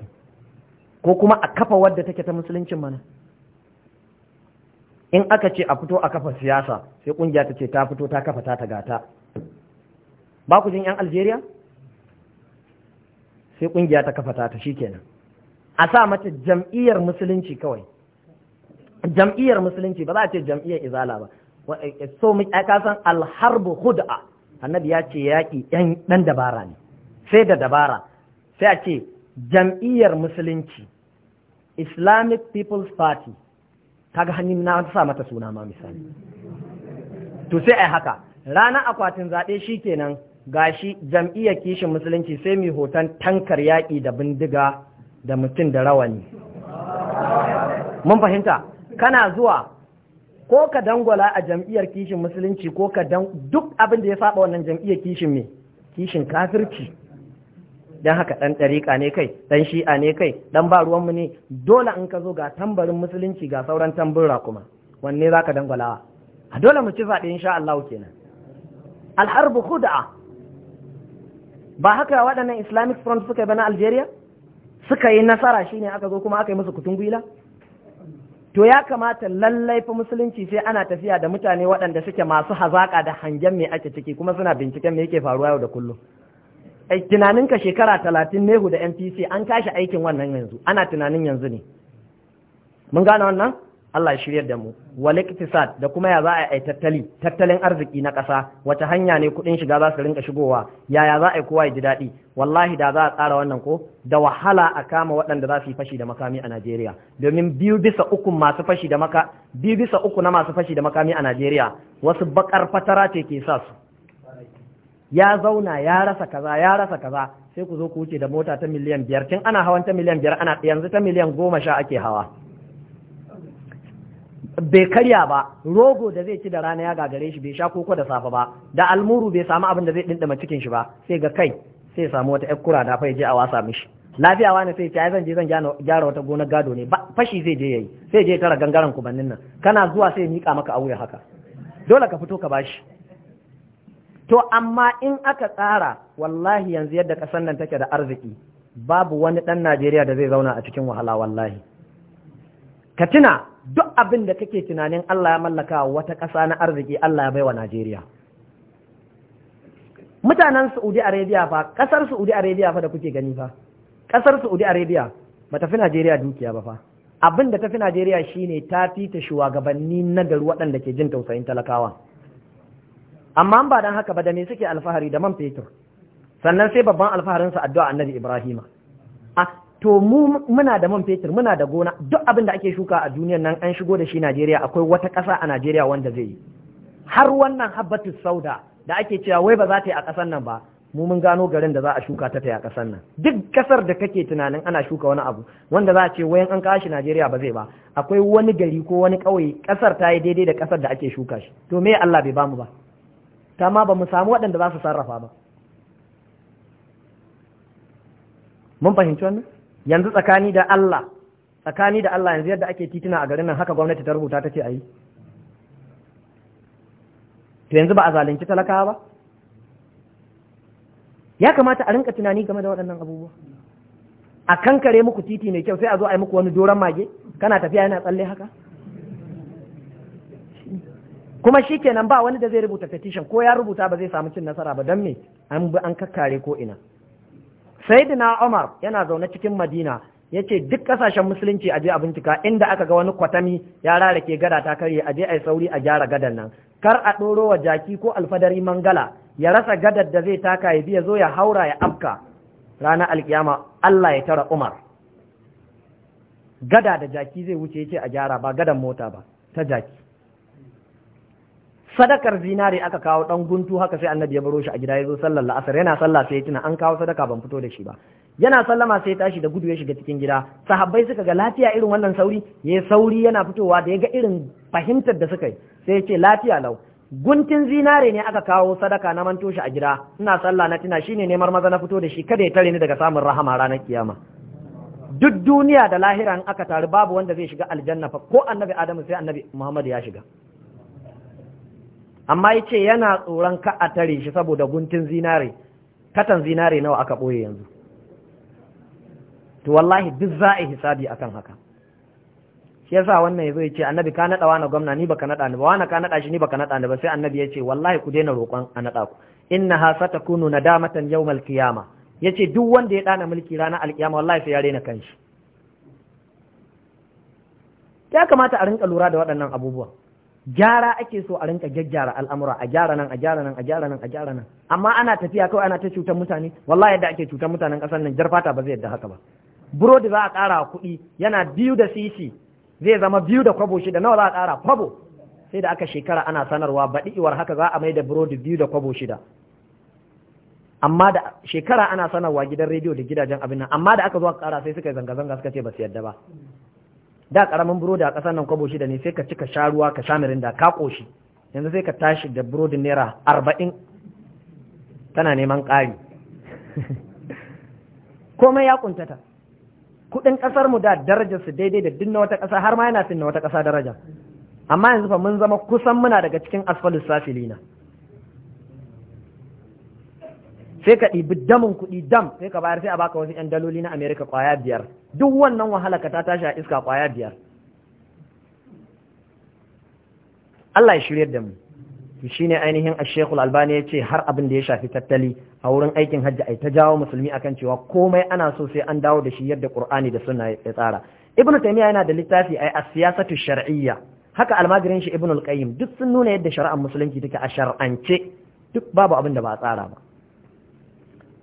ko kuma a kafa wadda take ta musuluncin mana in aka ce a fito a kafa siyasa sai kungiya ta ce ta fito ta kafa ta gata ba ku jin 'yan algeria sai kungiya ta kafa ta shikenan a sa mata jam'iyyar musulunci kawai jam'iyyar musulunci ba za a ce jam'iyyar izala ba eh, eh, so mu eh, ka san alharbu hud'a annabi ya ce yaƙi ɗan dabara ne sai da dabara sai a ce jam'iyyar musulunci islamic people's party ta ga hannun na sa mata suna ma misali to sai a haka ranar akwatin zaɓe shi kenan gashi jam'iyyar kishin musulunci sai mai hoton tankar yaƙi da bindiga da mutum da rawani mun fahimta kana zuwa ko ka dangwala a jam'iyyar kishin musulunci ko ka duk abin da ya saba wannan jam'iyyar kishin me kishin kafirci dan haka ɗan ɗariƙa ne kai ɗan shi'a ne kai ɗan ba ruwanmu ne dole in ka zo ga tambarin musulunci ga sauran tambun kuma wanne za ka dangwalawa a dole mu ci zaɓe sha Allah kenan alharbu khud'a ba haka waɗannan islamic front suka yi ba na algeria suka yi nasara shine aka zo kuma aka yi musu kutun gwila to ya kamata lallai fa musulunci sai ana tafiya da mutane waɗanda suke masu hazaƙa da hangen me ake ciki kuma suna binciken me yake faruwa yau da kullum Eh, tunaninka shekara talatin nehu da MPC an tashi aikin wannan yanzu ana tunanin yanzu ne mun gane wannan Allah ya shiryar da mu wal iktisad da kuma ya za a yi tattali tattalin arziki na ƙasa wata hanya ne kuɗin shiga za su rinka shigowa yaya za a yi kowa ya ji daɗi wallahi da za a tsara wannan ko da wahala a kama waɗanda za su yi fashi da makami a Najeriya domin biyu bisa uku masu fashi da maka biyu bisa uku na masu fashi da makami a Najeriya wasu baƙar fatara ce ke sa su ya zauna ya rasa kaza ya rasa kaza sai ku zo ku wuce da mota ta miliyan biyar tun ana hawan ta miliyan biyar ana yanzu ta miliyan goma sha ake hawa bai karya ba rogo da zai ci da rana ya gagare shi bai sha koko da safe ba da almuru bai samu abin da zai dindima cikin shi ba sai ga kai sai samu wata yar kura na fa je a wasa mishi lafiya wani sai ce zan je zan gyara wata gonar gado ne fashi zai je yayi sai je tara gangaren kubannin nan kana zuwa sai mika maka a haka dole ka fito ka bashi to amma in aka tsara wallahi yanzu yadda ƙasar nan take da arziki babu wani ɗan Najeriya da zai zauna a cikin wahala wallahi ka tuna duk abin da kake tunanin Allah ya mallaka wata ƙasa na arziki Allah ya baiwa Najeriya mutanen Saudi Arabia fa ƙasar Saudi Arabia fa da kuke gani fa ƙasar Saudi Arabia ba tafi Najeriya dukiya ba fa abin da tafi Najeriya shine ta fita shugabanni na garu waɗanda ke jin tausayin talakawa amma ba dan haka ba da me suke alfahari da man fetur sannan sai babban alfaharin sa addu'a annabi ibrahima a to mu muna da man fetur muna da gona duk abin da ake shuka a duniyar nan an shigo da shi Najeriya akwai wata ƙasa a Najeriya wanda zai yi har wannan habbatu sauda da ake cewa wai ba za ta yi a ƙasar nan ba mu mun gano garin da za a shuka ta ta a ƙasar nan duk ƙasar da kake tunanin ana shuka wani abu wanda za a ce wayan an kashi Najeriya ba zai ba akwai wani gari ko wani ƙauye ƙasar ta yi daidai da ƙasar da ake shuka shi to me Allah bai bamu ba ta ma ba mu samu waɗanda za su sarrafa ba mun fahimci wannan yanzu tsakani da Allah tsakani da Allah yanzu yadda ake tituna a garin nan haka gwamnati ta rubuta ta ce a yi to yanzu ba a zalunci talakawa ba ya kamata a rinka tunani game da waɗannan abubuwa a kankare muku titi mai kyau sai a zo a yi muku wani doron mage kana tafiya yana tsalle haka kuma shi kenan ba wani da zai rubuta petition ko ya rubuta ba zai samu cin nasara ba don me an bi an kakkare ko ina sayyidina Umar yana zaune cikin Madina yace duk kasashen musulunci a je a bincika inda aka ga wani kwatami ya rarake gada ta karye a je a sauri a gyara gadan nan kar a doro wa jaki ko alfadari mangala ya rasa gadar da zai taka ya biya zo ya haura ya afka ranar alkiyama Allah ya tara Umar gada da jaki zai wuce yace a gyara ba gadan mota ba ta jaki sadakar zinare aka kawo ɗan guntu haka sai annabi ya baro shi a gida ya zo sallar la'asar yana sallah sai ya tuna an kawo sadaka ban fito da shi ba yana sallama sai ya tashi da gudu ya shiga cikin gida sahabbai suka ga lafiya irin wannan sauri ya sauri yana fitowa da ya ga irin fahimtar da suka yi sai ya ce lafiya lau guntun zinare ne aka kawo sadaka na manto shi a gida ina sallah na tuna shine neman maza na fito da shi kada ya tare ni daga samun rahama ranar kiyama duk duniya da lahira in aka taru babu wanda zai shiga aljanna ko annabi adamu sai annabi muhammad ya shiga amma ya ce yana tsoron ka a tare shi saboda guntun zinare katan zinare nawa aka ɓoye yanzu to wallahi duk za a hisabi akan haka shi yasa wannan zo ya ce annabi ka naɗa wani gwamna ni baka naɗa ni ba wani ka naɗa shi ni baka naɗa ni ba sai annabi ya ce wallahi ku daina roƙon a naɗa ku inna ha damatan yau malkiyama Ya ce duk wanda ya ɗana mulki ranar alkiyama wallahi sai ya raina kanshi ya kamata a rinka lura da waɗannan abubuwa gyara ake so a rinka gyaggyara al'amura a gyara nan a gyara nan a gyara nan a gyara nan amma ana tafiya kawai ana ta cutar mutane wallahi yadda ake cutar mutanen kasar nan jarfata ba zai yadda haka ba burodi za a kara kuɗi yana biyu da sisi zai zama biyu da kwabo shida nawa za a ƙara kwabo sai da aka shekara ana sanarwa baɗi iwar haka za a mai da burodi biyu da kwabo shida amma da shekara ana sanarwa gidan rediyo da gidajen abin nan amma da aka zo a ƙara sai suka yi zanga-zanga suka ce ba su yadda ba da karamin burodi a ƙasar nan kwabo shida ne sai ka ci ka sha ruwa ka sha mirinda ka koshi yanzu sai ka tashi da burodin naira arba'in tana neman ƙari *laughs* komai ya kuntata kuɗin kasar mu da darajar su daidai da dinna wata ƙasa har ma yana fin wata kasa daraja amma yanzu fa mun zama kusan muna daga cikin asfalus safilina sai ka ɗibi damin kuɗi dam sai ka bayar sai a baka wasu 'yan daloli na amerika kwaya biyar duk wannan wahala ka ta tashi a iska kwaya biyar Allah ya shirya da mu shi ne ainihin shekul albani ya ce har abin da ya shafi tattali a wurin aikin hajji ai ta jawo musulmi akan cewa komai ana so sai an dawo da shi yadda Kur'ani da suna ya tsara ibn taymiya yana da littafi ai a siyasatu shar'iyya haka almajirin shi ibn al-qayyim duk sun nuna yadda shari'ar musulunci take a shar'ance duk babu abin da ba a tsara ba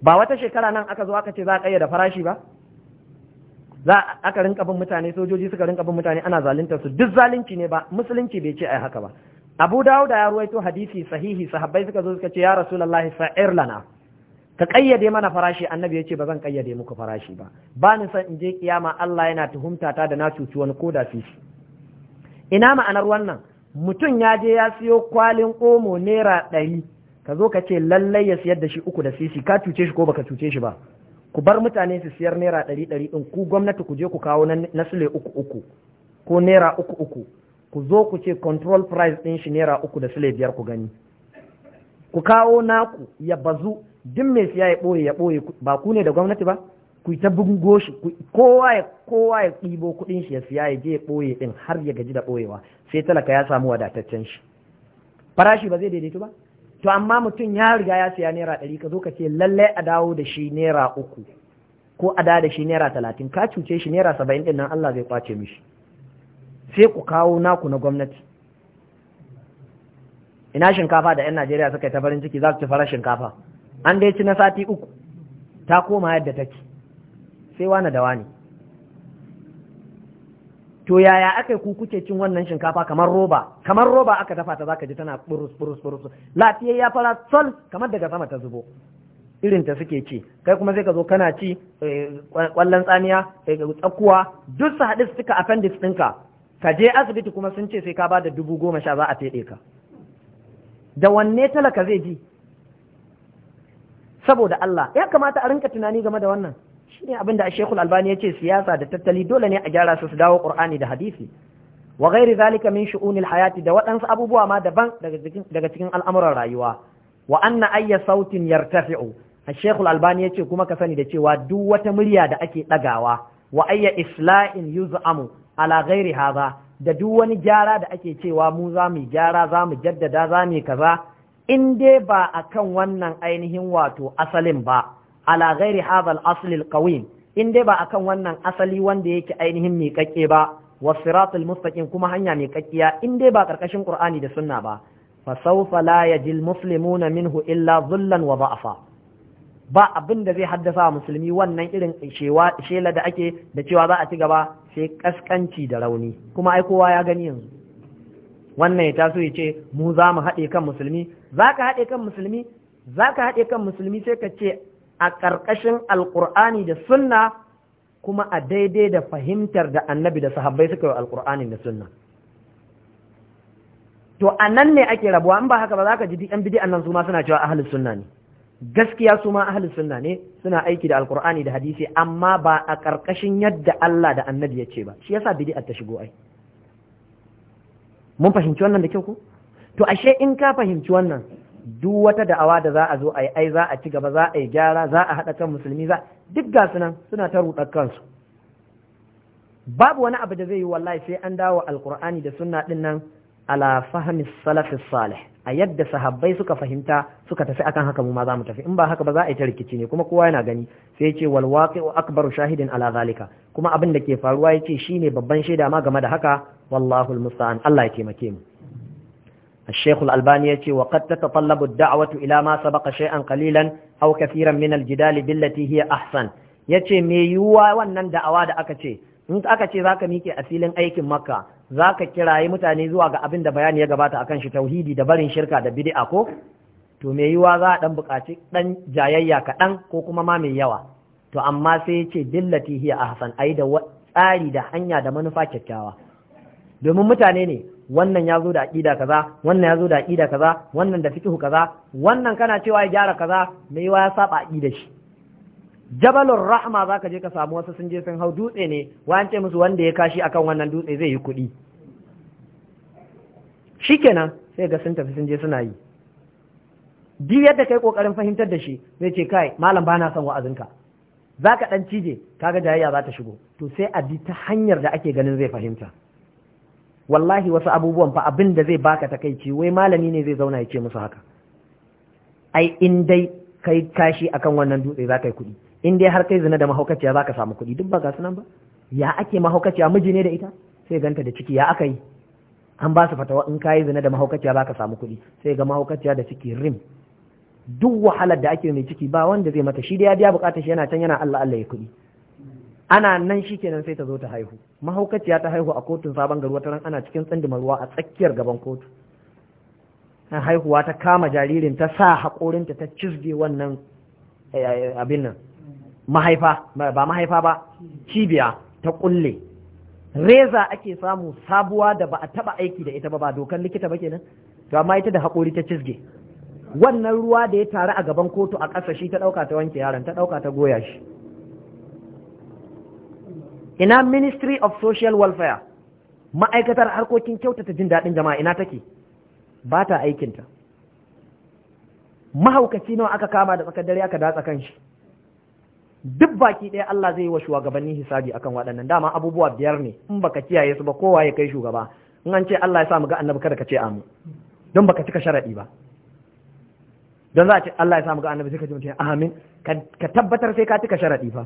ba wata shekara nan aka zo aka ce za a ƙayyada farashi ba za aka rinka bin mutane sojoji suka rinka bin mutane ana zalunta su duk zalunci ne ba musulunci bai ce ai haka ba abu dawud ya ruwaito hadisi sahihi sahabbai suka zo suka ce ya rasulullahi sa'ir lana ka kayyade mana farashi annabi ya ce ba zan kayyade muku farashi ba ba ni san in je kiyama Allah yana tuhumta ta da na cuci wani koda fifi ina ma'anar wannan mutum ya je ya siyo kwalin omo naira ɗari ka zo ka ce lallai ya siyar da shi uku da sisi ka cuce shi ko baka cuce shi ba ku bar mutane su siyar naira ɗari ɗari ɗin ku gwamnati ku je ku kawo na sule uku uku ko naira uku uku ku zo ku ce control price ɗin shi naira uku da sule biyar ku gani ku kawo naku ya bazu duk mai siya ya ɓoye ya ɓoye ba ku ne da gwamnati ba ku yi ta bungo shi kowa ya kowa ya ɗibo kuɗin shi ya siya ya je ya ɓoye ɗin har ya gaji da ɓoyewa sai talaka ya samu wadataccen shi farashi ba zai daidaitu ba to amma mutum ya riga ya siya naira ɗari ka zo ka ce lallai a dawo da shi naira uku ko a dawo da shi naira talatin ka cuce shi naira saba'in ɗin nan Allah zai kwace mishi sai ku kawo naku na gwamnati ina shinkafa da 'yan Najeriya suka yi ta farin ciki za su ci farar shinkafa an dai ci na sati uku ta koma yadda take sai wani da wani to yaya aka yi kuke cin wannan shinkafa kamar roba kamar roba aka dafa ta zaka ji tana burus burus burus lafiyayya ya fara sol kamar daga sama ta zubo irin ta suke ci kai kuma sai ka zo kana ci eh, kwallon tsamiya eh, tsakuwa duk su haɗu suka appendix ɗinka ka je asibiti kuma sun ce sai ka ba da dubu goma sha za a feɗe ka da wanne talaka zai ji saboda Allah ya kamata a rinka tunani game da wannan shi ne abinda shekul albani ya ce siyasa da tattali dole ne a gyara su su dawo ƙur'ani da hadisi wa gairi zalika min shu'unil hayati da waɗansu abubuwa ma daban daga cikin al'amuran rayuwa wa anna ayya sautin yartafi'u shekul albani ya ce kuma ka sani da cewa duk wata murya da ake ɗagawa wa ayya isla'in yuz'amu ala ghairi hadha da duk wani gyara da ake cewa mu za mu gyara za mu jaddada za mu kaza in dai ba akan wannan ainihin wato asalin ba ala ghairi hadha al-asl al-qawim in dai ba akan wannan asali wanda yake ainihin miƙaƙƙe ba wa siratul mustaqim kuma hanya miƙaƙƙiya in dai ba karkashin qur'ani da sunna ba fa sawfa la yajil muslimuna minhu illa dhullan wa da'afa ba abin da zai haddasa musulmi wannan irin shewa shela da ake da cewa za a ci gaba sai kaskanci da rauni kuma ai kowa ya gani yanzu wannan ya taso ya ce mu za mu haɗe kan musulmi za ka haɗe kan musulmi za ka haɗe kan musulmi sai ka ce a ƙarƙashin alƙur'ani da sunna kuma a daidai da fahimtar da annabi da sahabbai suka yi alƙur'ani da sunna to a nan ne ake rabuwa in ba haka ba za ka ji ɗan 'yan bidi'an nan su ma suna cewa ahalus sunna ne gaskiya su ma sunna ne suna aiki da Alƙur'ani da hadisi amma ba a ƙarƙashin yadda Allah da annabi ya ce ba shi yasa bidi'a ta shigo ai mun fahimci wannan da kyau ko to ashe in ka fahimci wannan duk wata da'awa da za a zo a yi ai za a ci gaba za a yi gyara za a haɗa kan musulmi za duk ga nan suna ta ruɗa kansu babu wani abu da zai yi wallahi sai an dawo alkur'ani da sunna din nan ala fahmi salafis salih a yadda sahabbai suka fahimta suka tafi akan haka mu ma za mu tafi in ba haka ba za a yi ta rikici ne kuma kowa yana gani sai ce wal waqi'u akbaru shahidin ala zalika kuma abin da ke faruwa yace shine babban shaida ma game da haka wallahu musta'an Allah ya taimake mu الشيخ الألباني يتي وقد تتطلب الدعوة إلى ما سبق شيئا قليلا أو كثيرا من الجدال بالتي هي أحسن يتي ميوا ونن دعوة أكتي أنت أكتي ذاك ميكي أسيلين أيك مكة ذاك كراي متاني زوا أبن دا بيان يقبات أكنش توهيدي دبرين شركة دبدي أكو to me yiwa za a ɗan buƙaci ɗan jayayya kaɗan ko kuma ma mai yawa to amma sai ce dillati hiya ahsan ai da tsari da hanya da manufa kyakkyawa domin mutane ne wannan ya zo da aƙida kaza wannan ya zo da aƙida kaza wannan da fikihu kaza wannan kana cewa ya gyara kaza mai yawa ya saba aƙida shi jabalur rahma zaka je ka samu wasu sun je sun hau dutse ne wa ce musu wanda ya kashi akan wannan dutse zai yi kuɗi shikenan sai ga sun tafi sun je suna yi duk yadda kai kokarin fahimtar da shi zai ce kai malam ba na son wa'azinka zaka ɗan cije ka ga jayayya za ta shigo to sai a bi ta hanyar da ake ganin zai fahimta wallahi wasu abubuwan fa abin da zai baka takaici wai malami ne zai zauna ya ce musu haka ai in dai kai kashi akan wannan dutse za ka yi kuɗi in dai har kai zina da mahaukaciya za ka samu kuɗi duk ba ga sunan ba ya ake mahaukaciya miji ne da ita sai ganta da ciki ya aka yi an ba su fatawa in kayi zina da mahaukaciya za ka samu kuɗi sai ga mahaukaciya da ciki rim duk wahalar da ake mai ciki ba wanda zai mata shi da ya biya bukatar shi yana can yana Allah Allah ya kuɗi ana nan shi kenan sai ta zo ta haihu mahaukaciya ta haihu a kotun sabon gari ta ran ana cikin tsindima ruwa a tsakiyar gaban kotu ta haihuwa ta kama jaririn ta sa haƙorinta ta cizge wannan eh, eh, abin nan mahaifa ba mahaifa ba cibiya ta kulle reza ake samu sabuwa da ba a taba aiki da ita ba ba dokan likita ba kenan to amma ita da haƙori ta cizge wannan ruwa da ya taru a gaban kotu a ƙasa shi ta ɗauka ta wanke yaron ta ɗauka ta goya shi ina ministry of social welfare ma'aikatar harkokin kyautata jin daɗin jama'a ina take ba ta aikinta mahaukaci nawa aka kama da tsakar dare aka datsa kan shi duk baki ɗaya Allah zai yi wa shugabanni hisabi akan waɗannan dama abubuwa biyar ne in baka kiyaye su ba kowa ya kai shugaba in an ce Allah ya sa mu ga annabi kada ka ce amu don baka cika sharaɗi ba don za a ce Allah ya sa mu ga annabi sai ka ji mutum amin ka tabbatar sai ka cika sharaɗi fa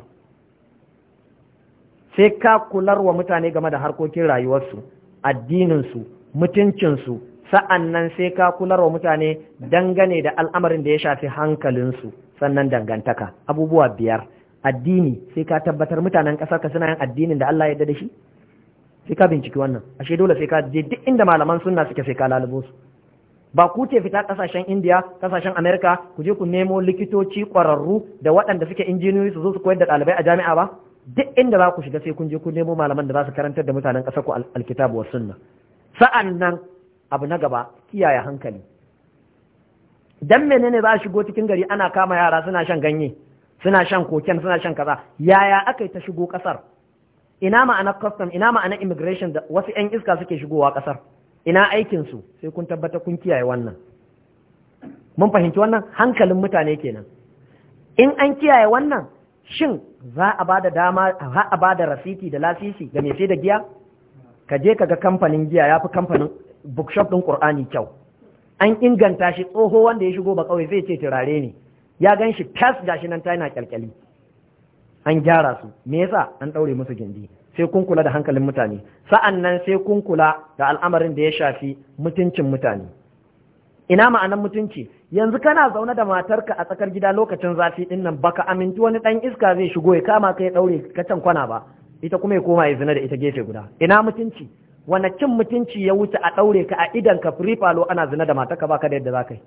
sai ka kular wa mutane game da harkokin rayuwarsu addininsu mutuncinsu sa'an nan sai ka kular wa mutane dangane da al'amarin da ya shafi hankalinsu sannan dangantaka abubuwa biyar addini sai ka tabbatar mutanen ƙasarka suna yin addinin da Allah ya da shi sai ka binciki wannan ashe dole sai ka je duk inda malaman sunna suke sai ka lalubo su ba ku ce fita kasashen indiya kasashen amerika ku je ku nemo likitoci ƙwararru da waɗanda suke injiniyoyi su zo su koyar da ɗalibai a jami'a ba duk inda za ku shiga sai kun je kun nemo malaman da za su karantar da mutanen ƙasar ku alkitabu wa sunna sa'an nan abu na gaba kiyaye hankali dan menene za a shigo cikin gari ana kama yara suna shan ganye suna shan koken suna shan kaza yaya aka ta shigo ƙasar ina ma'ana custom ina ma'ana immigration da wasu 'yan iska suke shigowa ƙasar ina aikinsu sai kun tabbata kun kiyaye wannan mun fahimci wannan hankalin mutane kenan in an kiyaye wannan shin za a ba da dama za a ba da rasiti da lasisi ga mai sai da giya ka je ka ga kamfanin giya ya fi kamfanin bookshop ɗin ƙur'ani kyau an inganta shi tsoho wanda ya shigo ba kawai zai ce turare ne ya gan shi fes shi nan ta yana kyalkyali an gyara su me yasa an ɗaure musu gindi sai kun kula da hankalin mutane sa'an nan sai kun kula da al'amarin da ya shafi mutuncin mutane ina ma'anan mutunci yanzu kana zaune da matarka a tsakar gida lokacin zafi din nan baka aminci wani dan iska zai shigo ya kama ka ya daure ka can kwana ba ita kuma ya koma ya zina da ita gefe guda ina mutunci wani cin mutunci ya wuce a daure ka a idan ka firifalo falo ana zina da matarka baka da yadda zaka yi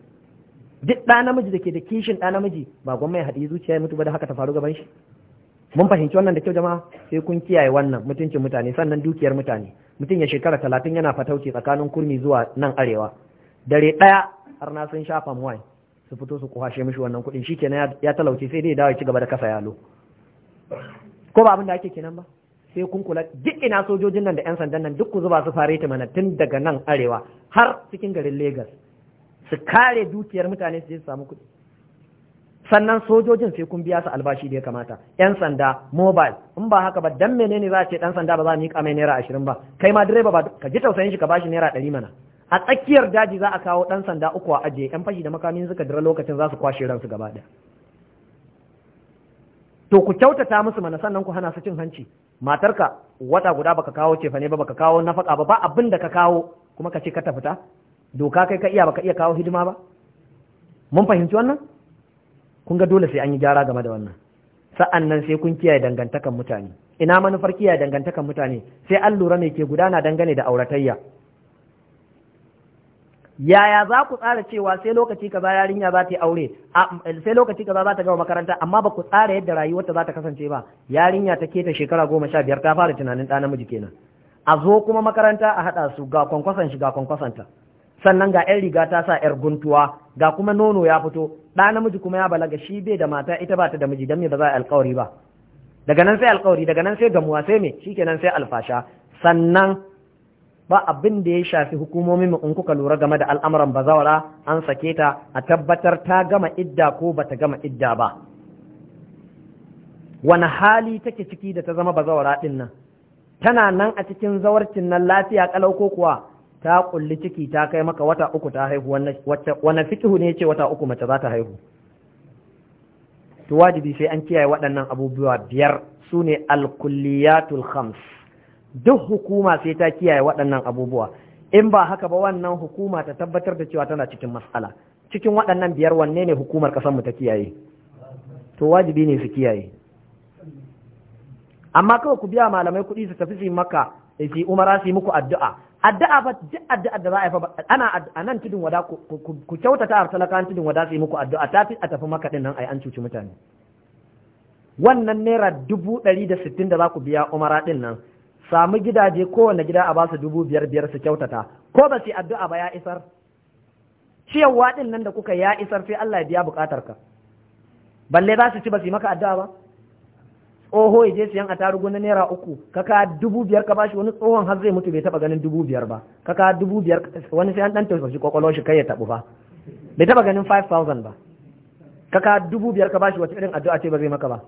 duk ɗa namiji da ke da kishin ɗa namiji ba gwamma ya haɗi zuciya ya mutu ba da haka ta faru gaban shi mun fahimci wannan da kyau jama'a sai kun kiyaye wannan mutuncin mutane sannan dukiyar mutane mutum ya shekara talatin yana fatauci tsakanin kurmi zuwa nan arewa dare ɗaya har na sun shafa muwai su fito su kwashe mishi wannan kuɗin shi kenan ya talauci, sai dai dawo ci gaba da kasa yalo ko ba abin da ake kenan ba sai kun kula duk ina sojojin nan da yan sandan nan duk ku zuba su fare ta mana tun daga nan arewa har cikin garin Legas su kare dukiyar mutane su je su samu kuɗi sannan sojojin sai kun biya su albashi da ya kamata yan sanda mobile in ba haka ba dan menene za a ce dan sanda ba za a miƙa mai naira ashirin ba kai ma direba ba ka ji tausayin shi ka bashi naira ɗari mana a tsakiyar daji za a kawo ɗan sanda uku a ajiye yan fashi da makamin suka dira lokacin za su kwashe ransu gaba da to ku kyautata musu mana sannan ku hana su cin hanci matarka wata guda baka kawo cefa ne ba baka kawo nafaka ba ba abin da ka kawo kuma ka ce ka tafita doka kai ka iya baka iya kawo hidima ba mun fahimci wannan kun ga dole sai an yi gyara game da wannan Sa'annan sai kun kiyaye dangantakan mutane ina manufar kiyaye dangantakan mutane sai an lura me ke gudana dangane da auratayya yaya za ku tsara cewa sai lokaci kaza yarinya za ta yi aure sai lokaci kaza za ta gama makaranta amma ba ku tsara yadda rayuwarta za ta kasance ba yarinya ta keta shekara goma sha biyar ta fara tunanin ɗa namiji kenan a zo kuma makaranta a haɗa su ga kwankwason shi ga ta. sannan ga 'yan riga ta sa 'yar guntuwa ga kuma nono ya fito ɗa namiji kuma ya balaga shi bai da mata ita ba ta da miji don me ba za a alkawari ba daga nan sai alkawari daga nan sai gamuwa sai me shikenan sai alfasha sannan ba abin da ya shafi hukumomin in kuka lura game da al'amuran bazawara an sake ta a tabbatar ta gama idda ko ba ta gama idda ba wani hali take ciki da ta zama bazawara ɗin nan tana nan a cikin zawarcin nan lafiya ƙalau ko kuwa ta kulli ciki ta kai maka wata uku ta haihu wani fikihu ne ce wata uku mace za ta haihu to wajibi sai an kiyaye waɗannan abubuwa biyar su ne alkulliyatul khams duk hukuma sai ta kiyaye waɗannan abubuwa in ba haka ba wannan hukuma ta tabbatar da cewa tana cikin matsala cikin waɗannan biyar wanne ne hukumar ƙasarmu ta kiyaye to wajibi ne su kiyaye amma kawai ku biya malamai kuɗi su tafi su maka su umara su muku addu'a addu'a ba duk addu'a da za a yi fa ana a nan tudun wada ku kyautata a talakan tudun wada su muku addu'a ta fi a tafi maka din nan ai an cuci mutane wannan naira dubu ɗari da sittin da za ku biya umara din nan samu gidaje kowane gida a ba su dubu biyar biyar su kyautata ko ba su addu'a ba ya isar ciyarwa din nan da kuka ya isar sai Allah ya biya bukatar ka balle za su ci ba su yi maka addu'a ba oho ya je siyan atarugu na naira uku ka ka dubu biyar ka bashi wani tsohon har zai mutu bai taba ganin dubu biyar ba ka ka dubu biyar wani sai an dan shi kwakwalwar shi kai ya tabu ba bai taba ganin 5000 ba ka ka dubu biyar ka bashi wata irin addu'a ce ba zai maka ba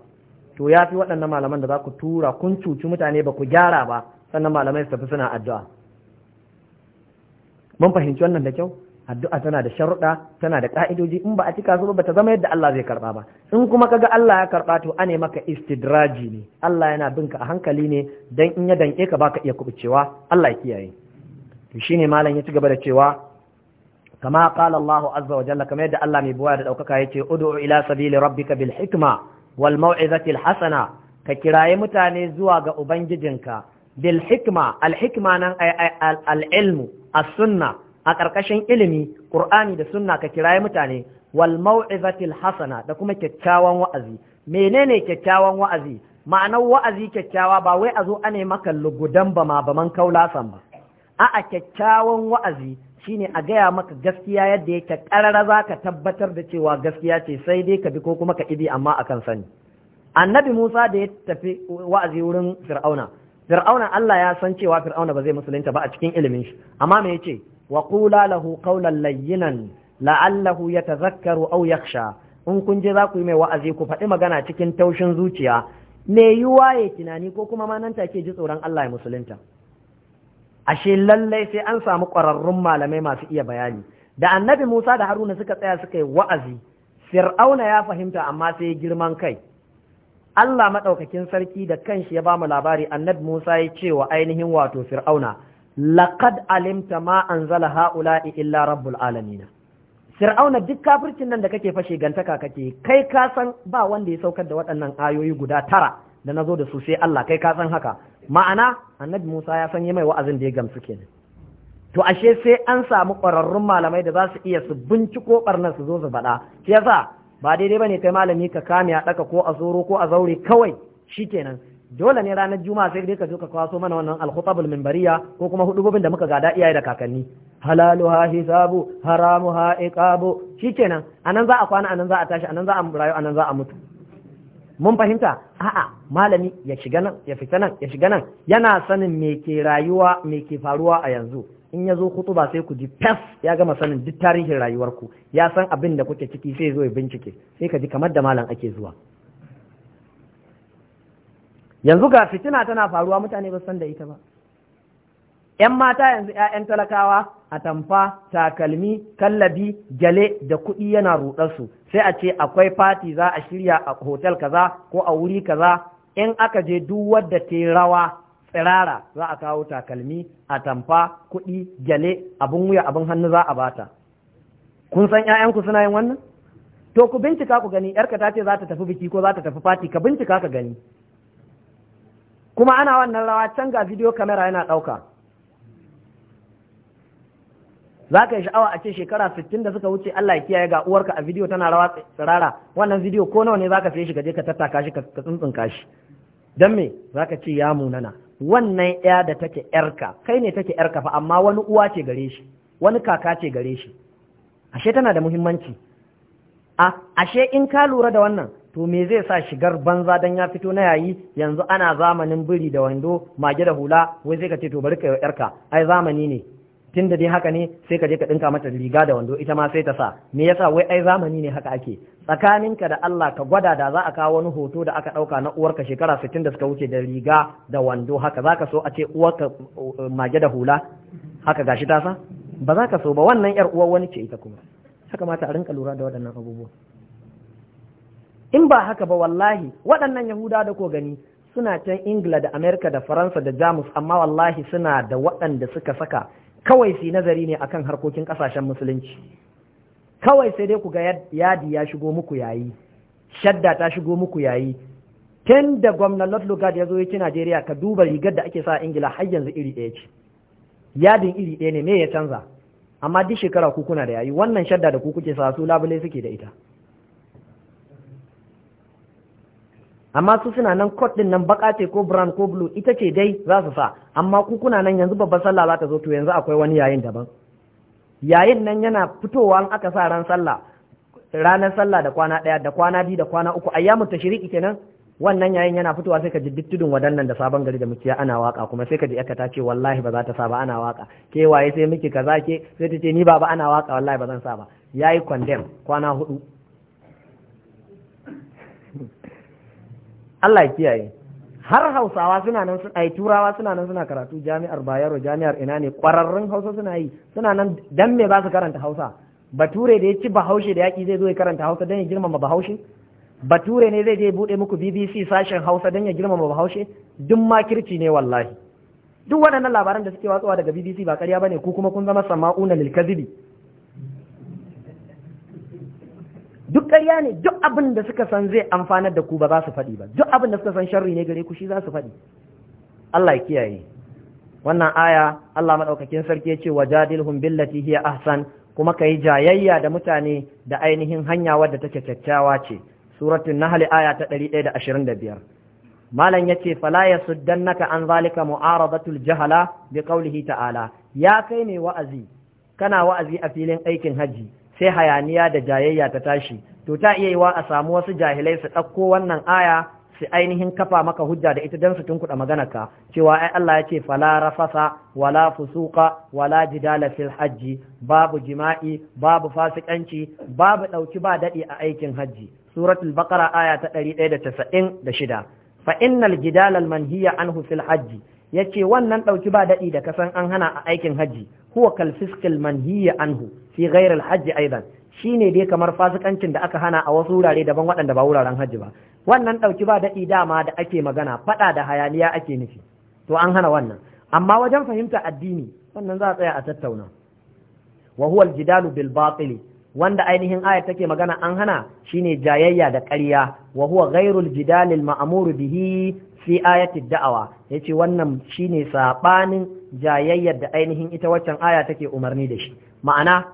to ya fi waɗannan malaman da za ku tura kun cuci mutane ba ku gyara ba sannan malamai su tafi suna addu'a mun fahimci wannan da kyau addu'a tana da sharuɗa tana da ƙa'idoji in ba a cika su ba ta zama yadda Allah zai karɓa ba in kuma kaga Allah ya karɓa to ane maka istidraji ne Allah yana bin ka a hankali ne dan in ya danke ka baka iya kubucewa Allah ya kiyaye to shine malam ya ci gaba da cewa kama qala Allah azza wa jalla kamar yadda Allah mai buwa da daukaka yace ud'u ila sabili rabbika bil hikma wal mau'izatil hasana ka kiraye mutane zuwa ga ubangijinka bil hikma al hikma nan al ilmu as sunna a ƙarƙashin ilimi qur'ani da sunna ka kiraye mutane wal mau'izatil hasana da kuma kyakkyawan wa'azi menene kyakkyawan wa'azi ma'anar wa'azi kyakkyawa ba wai a zo ane maka lugudan ba ma baman kaulasan ba a'a kyakkyawan wa'azi shine a gaya maka gaskiya yadda yake ƙarara za ka tabbatar da cewa gaskiya ce sai dai ka bi ko kuma ka ibi amma akan sani annabi Musa da ya tafi wa'azi wurin Fir'auna Fir'auna Allah ya san cewa Fir'auna ba zai musulunta ba a cikin ilimin shi amma me yace wa qula lahu qawlan layyinan la'allahu yatazakkaru aw yakhsha in kun je za ku yi mai wa'azi ku faɗi magana cikin taushin zuciya me yiwa ya tunani ko kuma ma nan take ji tsoron Allah ya musulunta ashe lallai sai an samu ƙwararrun malamai masu iya bayani da annabi Musa da Haruna suka tsaya suka yi wa'azi Fir'auna ya fahimta amma sai girman kai Allah maɗaukakin sarki da kanshi ya bamu labari annabi Musa ya ce wa ainihin wato Fir'auna laqad alimta ma anzala haula'i illa rabbul alamin Fir'auna duk kafircin nan da kake fashe gantaka kake kai ka san ba wanda ya saukar da waɗannan ayoyi guda tara da na zo da su sai Allah kai ka san haka ma'ana annabi Musa ya san mai wa'azin da ya gamsu kenan to ashe sai an samu ƙwararrun malamai da za su iya su binciko ɓarnar su zo su faɗa shi yasa ba daidai bane kai malami ka kame a ɗaka ko a zoro ko a zaure kawai shikenan dole ne ranar juma'a sai dai ka zo ka kwaso mana wannan alkhutabul minbariya ko kuma hudubobin da muka gada iyaye da kakanni Halalu ha hisabu ha iqabu shikenan anan za a kwana anan za a tashi anan za a rayu anan za a mutu mun fahimta a'a malami ya shiga nan ya fita nan ya shiga nan yana sanin me ke rayuwa me ke faruwa a yanzu in ya zo kutuba sai ku ji fes ya gama sanin duk tarihin rayuwarku ya san abin da kuke ciki sai zo ya bincike sai ka ji kamar da malam ake zuwa yanzu ga fitina tana faruwa mutane ba san da ita ba yan mata yanzu 'ya'yan talakawa atamfa takalmi kallabi gyale da kuɗi yana ruɗarsu sai a ce akwai fati za a shirya a hotel kaza ko a wuri kaza in aka je duk wadda ta rawa tsirara za a kawo takalmi atamfa kuɗi gyale abin wuya abin hannu za a bata kun san 'ya'yanku suna yin wannan to ku bincika ku gani yarka ta ce za ta tafi biki ko za ta tafi fati ka bincika ka gani kuma ana wannan rawa can ga video kamera yana ɗauka za ka yi sha'awa a ce shekara 60 da suka wuce Allah ya kiyaye ga uwarka a bidiyo tana rawa tsirara wannan bidiyo ko nawa ne za ka fiye shi ka je ka tattaka shi ka tsuntsunka shi Don me za ka ce ya munana wannan ya da take yarka kai ne take yarka fa amma wani uwa ce gare shi wani kaka ce gare shi ashe tana da muhimmanci a ashe in ka lura da wannan to me zai sa shigar banza dan ya fito na yayi yanzu ana zamanin biri da wando mage da hula wai sai ka ce to bari ka yarka ai zamani ne tun da dai haka ne sai ka je ka ɗinka mata riga da wando ita ma sai ta sa me yasa wai ai zamani ne haka ake tsakaninka da Allah ka gwada da za a kawo wani hoto da aka ɗauka na uwarka shekara sittin da suka wuce da riga da wando haka za ka so a ce uwarka uh, mage da hula haka gashi ta sa ba za ka so ba wannan yar uwar wani ce ita kuma ya kamata a rinka lura da waɗannan abubuwa in ba haka ba wallahi waɗannan yahuda da ko gani suna can ingila da amerika da faransa da jamus amma wallahi suna da waɗanda suka saka kawai sai nazari ne akan harkokin kasashen musulunci kawai sai dai ku ga yadi ya shigo muku yayi shadda ta shigo muku yayi tun da gwamnan lord ya zo yake najeriya ka duba rigar da ake sa a ingila har yanzu iri ɗaya ce yadin iri ɗaya ne me ya canza amma duk shekara ku kuna da yayi wannan shadda da ku kuke sa su labule suke da ita amma su suna nan kot din nan baka ko brown ko blue ita ce dai za su sa amma ku kuna nan yanzu babban sallah za ta zo to yanzu akwai wani yayin daban yayin nan yana fitowa in aka sa ran sallah ranar sallah da kwana daya da kwana biyu da kwana uku ayyamu tashriqi kenan wannan yayin yana fitowa sai ka ji duk wadannan da sabon gari da muke ana waka kuma sai ka ji aka ta ce wallahi ba za ta sa ba ana waka ke waye sai miki kaza ke sai ta ce ni baba ana waka wallahi ba zan sa ba yayi condemn kwana hudu Allah ya kiyaye har hausawa suna nan ai turawa suna nan suna karatu jami'ar bayero jami'ar ina ne kwararrun hausa suna yi suna nan dan me ba su karanta hausa bature da ya ci bahaushe da yaki zai zo ya karanta hausa dan ya girmama bahaushe bature ne zai je bude muku bbc sashen hausa dan ya girmama bahaushe duk makirci ne wallahi duk waɗannan labaran da suke watsuwa daga bbc ba ƙarya bane ku kuma kun zama sama'una lil kadhibi duk ƙarya ne duk abin da suka san zai amfanar da ku ba za su faɗi ba duk abin da suka san sharri ne gare ku shi za su faɗi Allah ya kiyaye wannan aya Allah madaukakin sarki ya ce wajadilhum billati hiya ahsan kuma kai jayayya da mutane da ainihin hanya wadda take kyakkyawa ce suratul nahl aya ta 125 malam yace fala yasuddannaka an zalika mu'aradatul jahala bi ta'ala ya kai ne wa'azi kana wa'azi a filin aikin hajji. sai hayaniya da jayayya ta tashi to ta iya yiwa a samu wasu jahilai su ɗauko wannan aya su ainihin kafa maka hujja da ita don su tunkuɗa ka? cewa ai Allah ya ce fala rafasa wala fusuka wala jidala fil hajji babu jima'i babu fasikanci babu ɗauki ba daɗi a aikin hajji suratul baqara aya ta 196 fa innal jidala al manhiya anhu fil hajji ya ce wannan ɗauki ba daɗi da kasan an hana a aikin hajji huwa kal fiskil manhiya anhu fi ghairil hajji aidan ne dai kamar fasikancin da aka hana a wasu wurare daban waɗanda ba wuraren hajji ba wannan ɗauki ba daɗi dama da ake magana faɗa da hayaniya ake nufi to an hana wannan amma wajen fahimta addini wannan za a tsaya a tattauna wa huwa aljidalu bil batil wanda ainihin ayar take magana an hana shine jayayya da ƙarya wa huwa ghairul jidalil ma'muru bihi fi ayati da'awa yace wannan shine sabanin jayayyar da ainihin ita waccan aya take umarni da shi ma'ana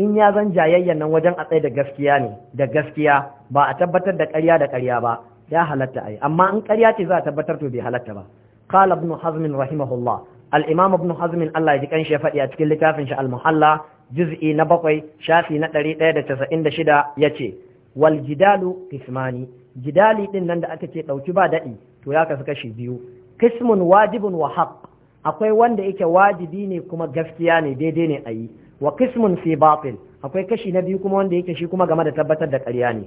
in ya zan jayayyar nan wajen a da gaskiya ne da gaskiya ba a tabbatar da ƙarya da ƙarya ba ya halatta ai amma in ƙarya ce za a tabbatar to bai halatta ba qala ibn hazm rahimahullah al-imam ibn hazm Allah ya ji kanshi ya faɗi a cikin littafin shi al-muhalla juz'i na bakwai shafi na 196 yace wal jidalu qismani jidali din nan da aka ce ɗauki ba daɗi to ya kasu kashi biyu kismun wajibun wa haq akwai wanda yake wajibi ne kuma gaskiya ne daidai ne a yi wa kismun fi batil akwai kashi na biyu kuma wanda yake shi kuma game da tabbatar da ƙarya ne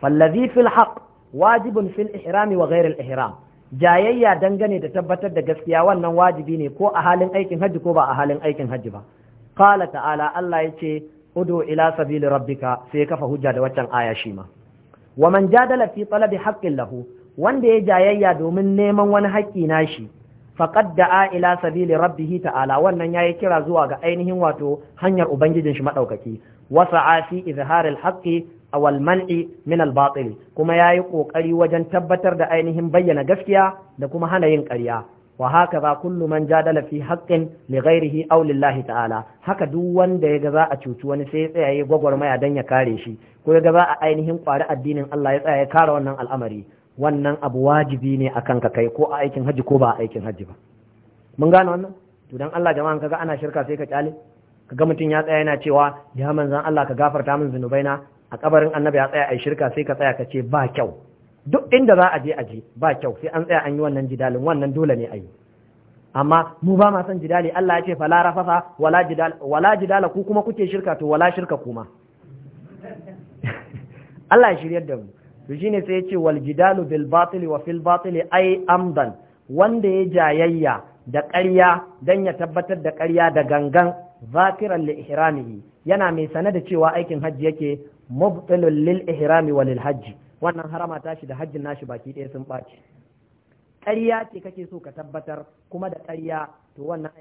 fallazi fil haq wajibun fil ihrami wa ghairil ihram jayayya dangane da tabbatar da gaskiya wannan wajibi ne ko a halin aikin hajji ko ba a halin aikin hajji ba qala ta'ala Allah yace udu ila sabili rabbika sai kafa hujja da waccan aya shi ma wa man jadala fi talabi haqqin lahu wanda ya jayayya domin neman wani haƙƙi nashi faqad da'a ila sabili rabbih ta'ala wannan yayi kira zuwa ga ainihin wato hanyar ubangijin shi madaukaki wa sa'a fi izharil haqqi aw al min al kuma yayi kokari wajen tabbatar da ainihin bayyana gaskiya da kuma hana yin ƙarya wa haka ba kullu man jadala fi haqqin li ghairihi aw lillahi ta'ala haka duk wanda ya ga za a cuci wani sai ya tsaya ya gwagwarmaya dan ya kare shi ko ya za a ainihin kwari addinin Allah ya tsaya ya kare wannan al'amari wannan abu wajibi ne akan ka kai ko a aikin haji ko ba a aikin haji ba mun gane wannan to dan Allah jama'an kaga ana shirka sai ka kyale kaga mutum ya tsaya yana cewa ya manzan Allah ka gafarta min na, a kabarin annabi ya tsaya ai shirka sai ka tsaya ka ce ba kyau duk inda za a je a je ba kyau sai an tsaya an yi wannan jidalin wannan dole ne a yi amma mu ba ma san jidali Allah ya ce fala rafafa wala jidal wala jidala ku kuma kuke shirka to wala shirka kuma *laughs* Allah ya shiryar da mu to shine sai ya ce wal jidalu bil batili wa fil batili ay amdan wanda ya jayayya da ƙarya dan ya tabbatar da ƙarya da gangan zakiran li ihramihi yana mai sane da cewa aikin hajji yake mubtilul lil ihrami wa lil wannan harama tashi da hajjin nashi baki ɗaya sun ɓaci ƙarya ce kake so ka tabbatar kuma da ƙarya to wannan